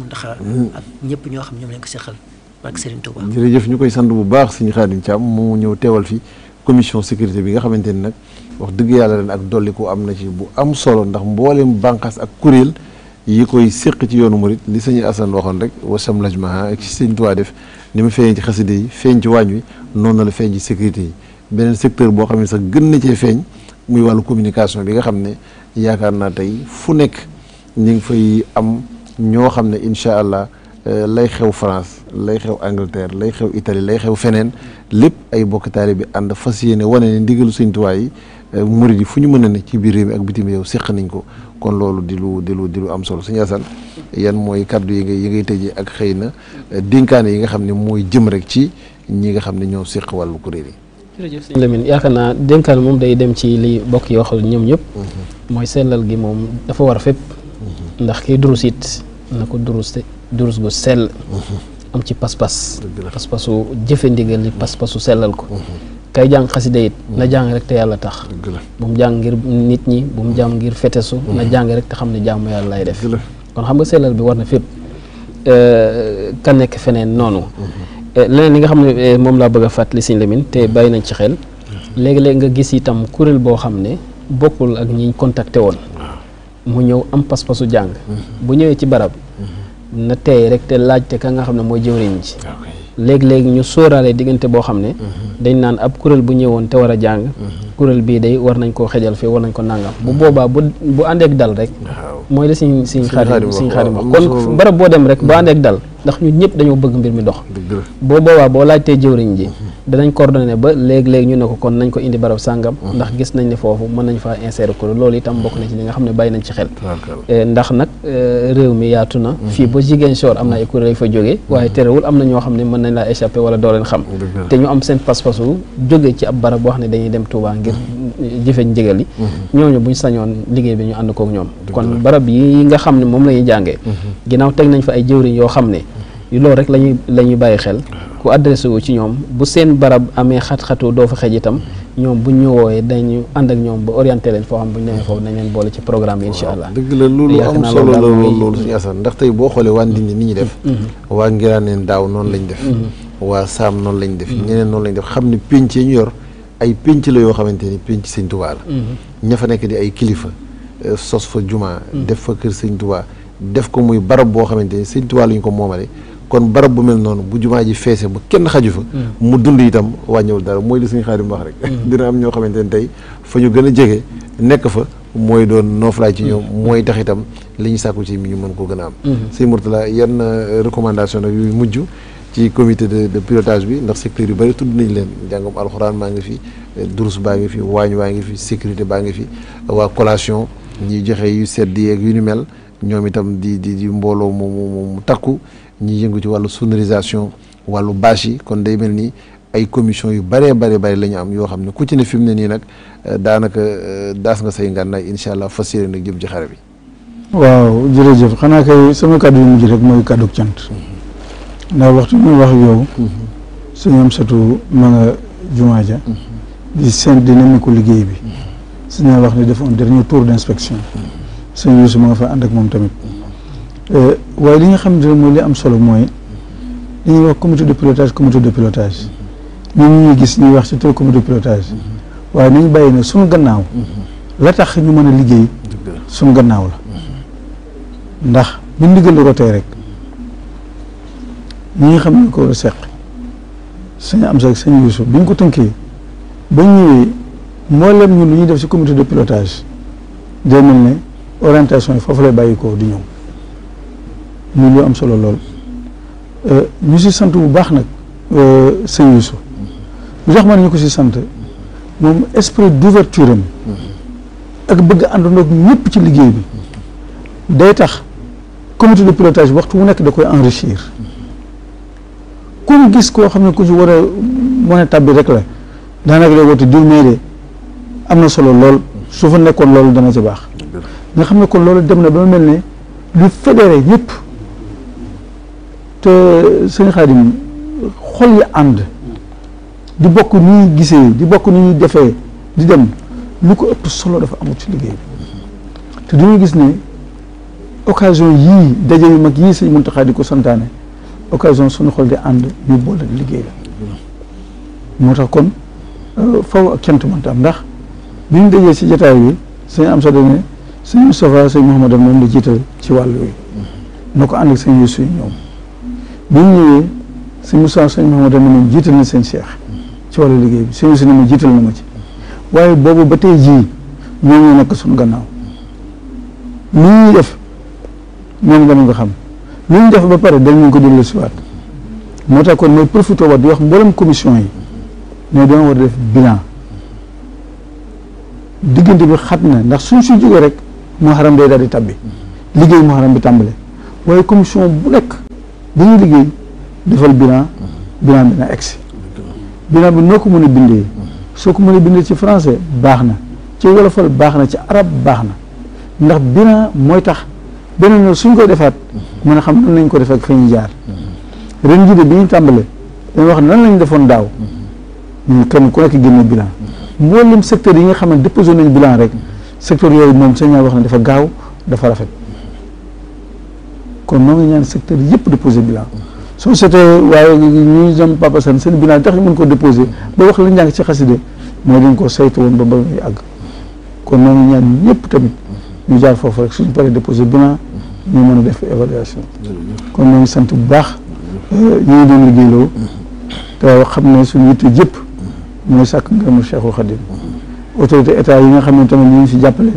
ak ñëpp ñoo xam ñoom lañ ko seqal ak Serigne Touba. jërëjëf ñu koy sant bu baax sëñ Khadim Thiam mu ñëw teewal fi commission sécurité bi nga xamante ni nag wax dëgg yàlla ren ak ko am na ci bu am solo ndax mbooleem bànqaas ak kuréel yi koy séq ci yoonu murit li sëñ Assane waxoon rek wasamlaj maha ak ci sëñ Touba def. ni mu feeñ ci xaside yi feeñ ci waañ wi noonu la feeñ ci sécurité yi beneen secteur boo xam ne sax gën na cee feeñ muy wàllu communication bi nga xam ne yaakaar naa tey fu nekk ñu ngi fay am ñoo xam ne incha allah Eh, lay xew France lay xew Angleterre lay xew Italie lay xew feneen lépp ay bokk taali bi ànd fas yéene wane ne ndigalu suñ Tuubaa yi eh, murid yi fu ñu mën a ne ci biir réew mi ak bitim réew séq nañ ko kon loolu di lu di lu di lu am solo Sëñ Asan yan mooy kàddu yi ngay yi ngay ak xëy na eh, dénkaane yi nga xam ne mooy jëm rek ci ñi nga xam ne ñoo séq wàllu kuréel yi. jërëjëf sëñ Lamine yaakaar dénkaan moom day dem ci li bokk yi waxal ñoom ñëpp. Mhm. mooy sellal gi moom dafa war fépp. Mhm. ndax kiy durus it na ko durus durus gu sell mm-hmm. am ci pas-pas pas-pasu jëfe ndigal li mm-hmm. pas-pasu sellal ko mm-hmm. kay jàng xasida it na jàng rek te yàlla tax bu mu jàng ngir nit ñi bu mu jàng ngir fetesu na jàng rek te xam ne jàmm yàlla lay def kon xam nga sellal bi war na fépp euh, ka nekk feneen noonu euh, leneen li nga xam ne euh, moom laa bëgg fàttali Sëñ Lamine te bàyyi nañ ci xel léegi-léeg nga gis itam kuréel boo xam ne bokkul ak ñi contacté woon mu ñëw am pas-pasu jàng. Mhm. bu ñëwee ci barab. Mhm. na teey rek te laajte ka nga xam ne mooy jëwriñ ji. Ah léegi-léegi ñu sóoraale diggante boo xam ne mhm. dañ naan ab kuréel bu ñëwoon te war a jàng kuréel bii day war nañ koo xejal fii war nañ ko nàngam bu boobaa bu bu àndeek dal rek mooy la siñ siñ xaarim siñ xaarim wax kon barab boo dem rek bu àndeek dal ndax ñun ñëpp dañoo bëgg mbir mi dox boo boobaa boo laajtee jëwriñ ji danañ coordonné ba léeg-léeg ñu ne ko kon nañ ko indi barab sàngam mhm. ndax gis nañ ne foofu mën nañ faa insérer kuréel loolu itam bokk na ci li nga xam ne bàyyi nañ ci xel eh, ndax nag eh, réew mi yaatu na mhm. fii ba Ziguinchor am na ay kuréel yu fa jógee mhm. terewul am na ñoo xam ne mën nañ laa échappé wala doo leen xam te ñu am seen pas-pasu jóge ci ab barab boo xam ne dañuy dem Touba ngir jëfe njëgal yi ñooñu buñ sañoon liggéey bi ñu ànd kook ñoom kon barab yi nga xam ne moom la ñuy jàngee ginnaaw teg nañ fa ay jëwriñ yoo xam ne loolu rek lañuy la ñuy bàyyi xel ku adressé wu ci ñoom bu seen barab amee xat-xatu doo fa xej itam ñoom bu ñu woowee dañu ànd ak ñoom ba orienté leen foo xam bu ñu demee foofu nañ leen boole ci programme bi incha allah dëgg la loolu am solo la loolu loolu suñu asan ndax tey boo xoolee waa Ndindi ni ñu def mm-hmm. Mm-hmm. waa Ngiraaneen daaw noonu lañ def mm-hmm. waa Saam noonu lañ def ñeneen noonu lañ def xam ne pénc ñu yor ay pénc la yoo xamante ni pénc sëñ Tuubaa la ña fa nekk di ay kilifa eh, sos fa juma def fa kër sëñ Tuubaa def ko muy barab boo xamante ni sëñ Tuubaa lañ ko moomale kon barab bu mel noonu bu jumaa ji feese ba kenn xaju fa hmm. mu dund itam wàññiwul dara mooy li suñu xaarim wax rek hmm. dina am ñoo xamante ne tey fa ñu gën a jege nekk fa mooy doon nooflaay ci ñoom hmm. mooy tax itam li ñu sàkku ci mi mën koo gën a am sëñ Mourtala yan uh, recommandation nag yuy mujj ci comité de de pilotage bi ndax secteur yu bëri tudd nañ leen njàngum alxuraan maa ngi fi durus baa ngi fi waañ waa ngi fi sécurité baa ngi fi waa collation ñuy joxe yu sedd yeeg yu ni mel ñoom itam di di di mbooloo mu mu mu takku ñi yëngu ci wàllu sonorisation wàllu bâche yi kon day mel nii ay commission yu bëree bëri bëri lañu am yoo xam ne ku ci ne fi mu ne nii nag euh, daanaka euh, daas nga say ngànnaay incha allah fas yéene nag jëm ci xare bi. waaw jërëjëf xanaa kay sama kàddu yu mujj rek mooy kàddu cant. Mm-hmm. ndax waxtu bi nga mm-hmm. jumaa mm-hmm. di seen liggéey bi. suñu wax ne dafa un dernier tour d' inspection. suñu Yuusu ma moom tamit. Euh, waaye li nga xam ne mooy li am solo mooy li ñuy wax comité de pilotage comité de pilotage ñu ñuy gis ñu wax ci turu comité de pilotage waaye nañ bàyyi ne suñu gannaaw la tax ñu mën a liggéey suñu gannaaw la ndax bu ndigal rotee rek ñi nga xam ne ko seq sañ am sax sañ Yuusu bi ñu ko tënkee ba ñëwee mboolem ñun lu ñuy def ci comité de pilotage day mel ne orientation yi foofu lay bàyyi ko di ñëw muy lu am solo lool euh, ñu si sant bu baax nag euh, sëñ Youssou lu tax ma ne ñu ko si sant moom esprit d'ouverture am ak bëgg àndandoog ñëpp ci liggéey bi day tax comité de pilotage waxtu wu nekk da koy enrichir ku ñu gis koo xam ne ko ci war a mën a rek la daanaka lay woote diw mee am na solo lool su fa nekkoon loolu dana si baax nga xam ne kon loolu dem na ba mel ne lu fédéré ñëpp te sëñ Xaadim xol yi ànd di bokk ni ñuy gisee di bokk ni ñuy defee di dem lu ko ëpp solo dafa amul ci liggéey bi te dañuy gis ne occasion yii daje yu mag yii sëñ Muntaxa di ko santaane occasion suñu xol di ànd ñu boole liggéey tax kon euh, faw ak cant am ndax bi ñu dajee si jataay bi sëñ am sa dane sëñ Moustapha sëñ Mouhamad moom la jiital ci wàll yooyu noo ko ànd ak sëñ Youssou ñoom bi ñu ñëwee sëñ Moussa ma Mouhamadou ne ma jiital na seen Cheikh ci walla liggéey bi sëñ Moussa ne ma jiital na ma ci waaye boobu ba tey jii ñoom ñoo nekk suñu gannaaw lu ñuy def moom nga xam lu ñu def ba pare dañ ñu ko dellu si waat moo tax kon mooy profité waat di wax mboolem commission yi ne dama war a def bilan diggante bi xat na ndax suñ si jógee rek Muharram day daal di tabbi liggéey Muharram bi tàmbale waaye commission bu nekk dañuy liggéey defal bilan mm-hmm. bilan bi na egsi bilan bi noo ko mën a bindee mm-hmm. soo ko mënee bindee ci français baax na ci wolofal baax na ci arab baax na ndax bilan mooy tax beneen yoon suñ koy defaat mm-hmm. mën a xam nan lañ ko defee ak fa ñu jaar ren jii de bi ñu tàmbalee dañ wax nan lañ defoon daaw ñu kenn ku nekk génne bilan mboolem secteur yi nga xam ne déposé nañ bilan rek secteur yooyu moom sëñ wax ne dafa gaaw dafa rafet kon noo ngi ñaan secteur yëpp déposé bilan soo seetee waaye ñuy jëm Papa Sane seen bilan tax ñu mën ko déposé ba wax la njàng ci xaside mooy dañ ko saytu woon ba ba muy àgg kon noo ñëpp tamit ñu jaar foofu rek suñu paree déposé bilan ñu mën a def évaluation kon noo ngi sant bu baax euh, ñu ngi doon liggéeyloo te xam ne suñu yitte jëpp mooy sàkk ngërëmu Cheikhul Khadim autorité état yi nga xam ne tamit ñu ngi si jàppale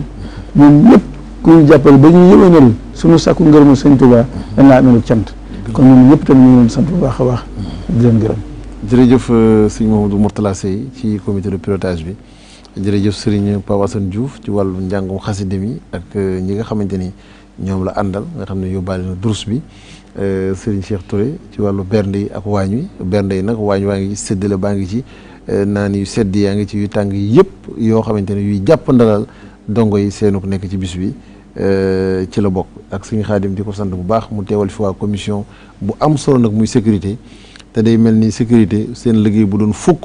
ñoom ñëpp ku ñu jàppale ba ñu yëwénal suñu sàkku ngërëmul sëñ Touba dañ laa amee cant kon ñun ñëpp tamit ñu ngi sant bu baax a baax di leen gërëm sëñ Mouhamadou du Seye ci comité de bi jërëjëf sëriñ Pape Assane Diouf ci wàllu njàngum xasida ak euh, ñi nga xamante ni ñoom la àndal nga xam ne yóbbaale na durus bi euh, sëriñ Cheikh Touré ci wàllu bernde yi ak waañ wi bernde yi nag waañ waa ngi séddale baa ngi ci euh, naan yu sedd yaa ngi ci yu tàng yëpp yoo xamante ne yuy jàpp ndalal dongo yi seenuk nekk ci bis bi Euh, ci la bokk ak suñu xaadim di ko sant bu baax mu teewal fi waa commission bu am solo nag muy sécurité te day mel ni sécurité seen liggéey bu doon fukk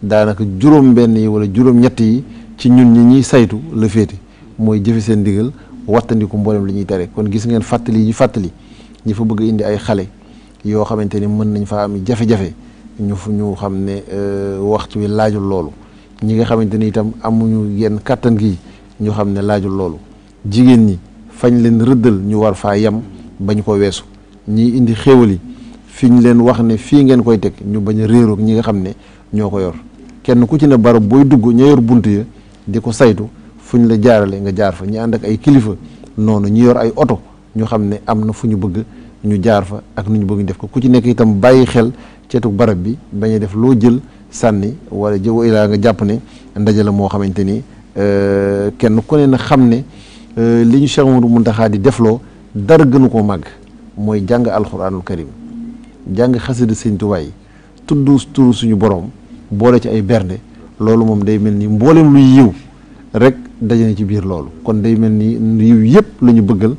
daanaka juróom-benn yi wala juróom-ñett yi ci ñun ñi ñuy saytu la féete mooy jëfe seen ndigal wattandiku mboolem li ñuy tere kon gis ngeen fàttali yi fàttali ñi fa bëgg indi ay xale yoo xamante ni mën nañ faa am jafe-jafe ñu fu ñu xam ne euh, waxtu wi laajul loolu ñi nga xamante ni itam amuñu yenn kàttan gi ñu xam ne laajul loolu jigéen ñi fañ leen rëddal ñu war faa yem bañ ko weesu ñii indi xéewal yi fi ñu leen wax ne fii ngeen koy teg ñu bañ a réeroog ñi nga xam ne ñoo ko yor kenn ku ci ne barab booy dugg ña yor bunt ya di ko saytu fu ñu la jaarale nga jaar fa ñi ànd ak ay kilifa noonu ñi yor ay oto ñu xam ne am na fu ñu bëgg ñu jaar fa ak nu ñu bëgg ñu def ko ku ci nekk itam bàyyi xel ceetu barab bi bañ def loo jël sànni wala jëw ilaa nga jàpp ne ndaje la moo xamante ni euh, kenn ku ne xam ne Euh, li ñu Cheikh Mouhamadou Mountakha di defloo dara gënu koo màgg mooy jàng alxuraanul karim jàng xasida sëñ Tuubaa turu suñu borom boole ci ay bernde loolu moom day mel ni mbooleem luy yiw rek daje ci biir loolu kon day mel ni yiw yëpp la ñu bëggal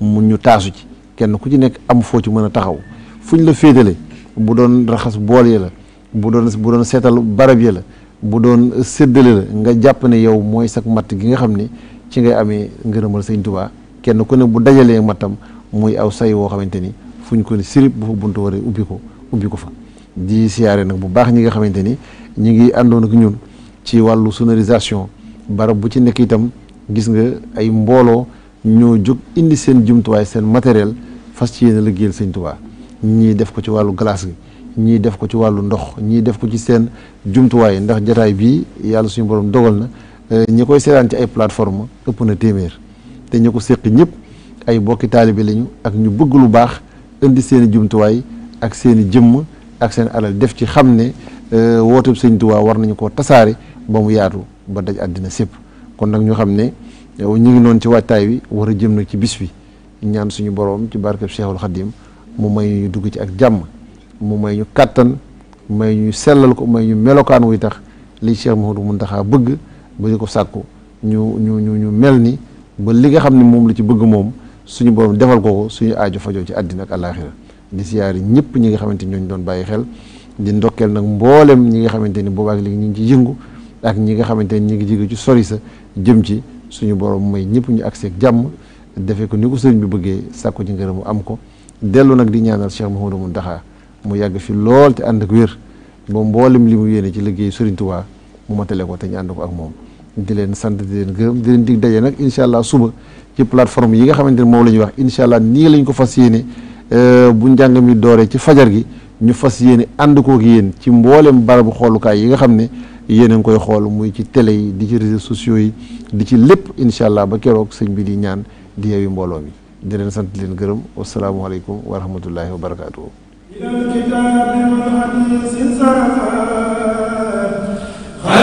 mu ñu taasu ci kenn ku ci nekk am foo ci mën a taxaw fuñ la féetale bu doon raxas bool yi la bu doon bu doon seetal barab yi la bu doon séddale la nga jàpp ne yow mooy sag matt gi nga xam ni ci ngay amee ngërëmal sëñ tubaa kenn ku ne bu dajalee matam muy aw say woo xamante ni fu ñu ko ne sirip bu fa buntu waree ubbi ko ubbi ko fa di siyaare nag bu baax ñi nga xamante ni ñi ngi àndoon ak ñun ci wàllu sonorisation barab bu ci nekk itam gis nga ay mbooloo ñoo jóg indi seen jumtuwaay seen matériel fas ci yéen a liggéeyal sëñ tubaa ñii def ko ci wàllu glace gi ñii def ko ci wàllu ndox ñii def ko ci seen jumtuwaay ndax jataay bii yàlla suñu borom dogal na Euh, ñi koy seetaan ci ay plateforme ëpp na téeméer te ñi ko séq ñëpp ay bokki taalibe lañu ak ñu bëgg lu baax indi seeni jumtuwaay ak seen i jëmm ak seen alal def ci xam ne euh, woote sëñ Tuubaa war nañu koo tasaare ba mu yaatu ba daj àddina sépp kon nag ñu xam ne ñu ngi noonu ci waajtaay wi war a jëm nag ci bis bi ñaan suñu boroom ci barkeb Cheikhul Khadim mu may ñu dugg ci ak jàmm mu may ñu kàttan may ñu sellal ko may ñu melokaan wuy tax li Cheikh mu Mountakha bëgg ba di ko sàkku ñu ñu ñu ñu mel ni ba li nga xam ne moom la ci bëgg moom suñu borom defal ko ko suñu aajo fajoo ci àddina ak àllaaxira di siyaari ñëpp ñi nga xamante ni ñooñu doon bàyyi xel di nag mboolem ñi nga xamante ni boobaak léegi ñu ngi ci yëngu ak ñi nga xamante ni ñu ngi jóge ci sori sa jëm ci suñu borom may ñëpp ñu agsi ak jàmm defee ko ni ko sëriñ bi bëggee sàkku ci ngërëm mu am ko dellu nag di ñaanal Cheikh Mouhamadou Mountakha mu yàgg fi lool te ànd ak wér ba mboolem li mu yéene ci liggéey Sëriñ mu matale ko te ñu ànd ko ak moom di leen sant di leen gërëm di leen dig daje nag incha allah suba ci plateforme yi nga xamante ne moom la ñuy wax incha allah lañ ko fas yéene euh, bu njàng mi dooree ci fajar gi ñu fas yéene ànd kook yéen ci mbooleem barabu xoolukaay yi nga xam ne yéen a ngi koy xool muy ci tele yi di ci réseaux sociaux yi di ci lépp incha allah ba keroog sëñ bi di ñaan di yeewi mbooloo mi di leen sant di leen gërëm wasalaamualeykum wa rahmatullahi wa barakaatu.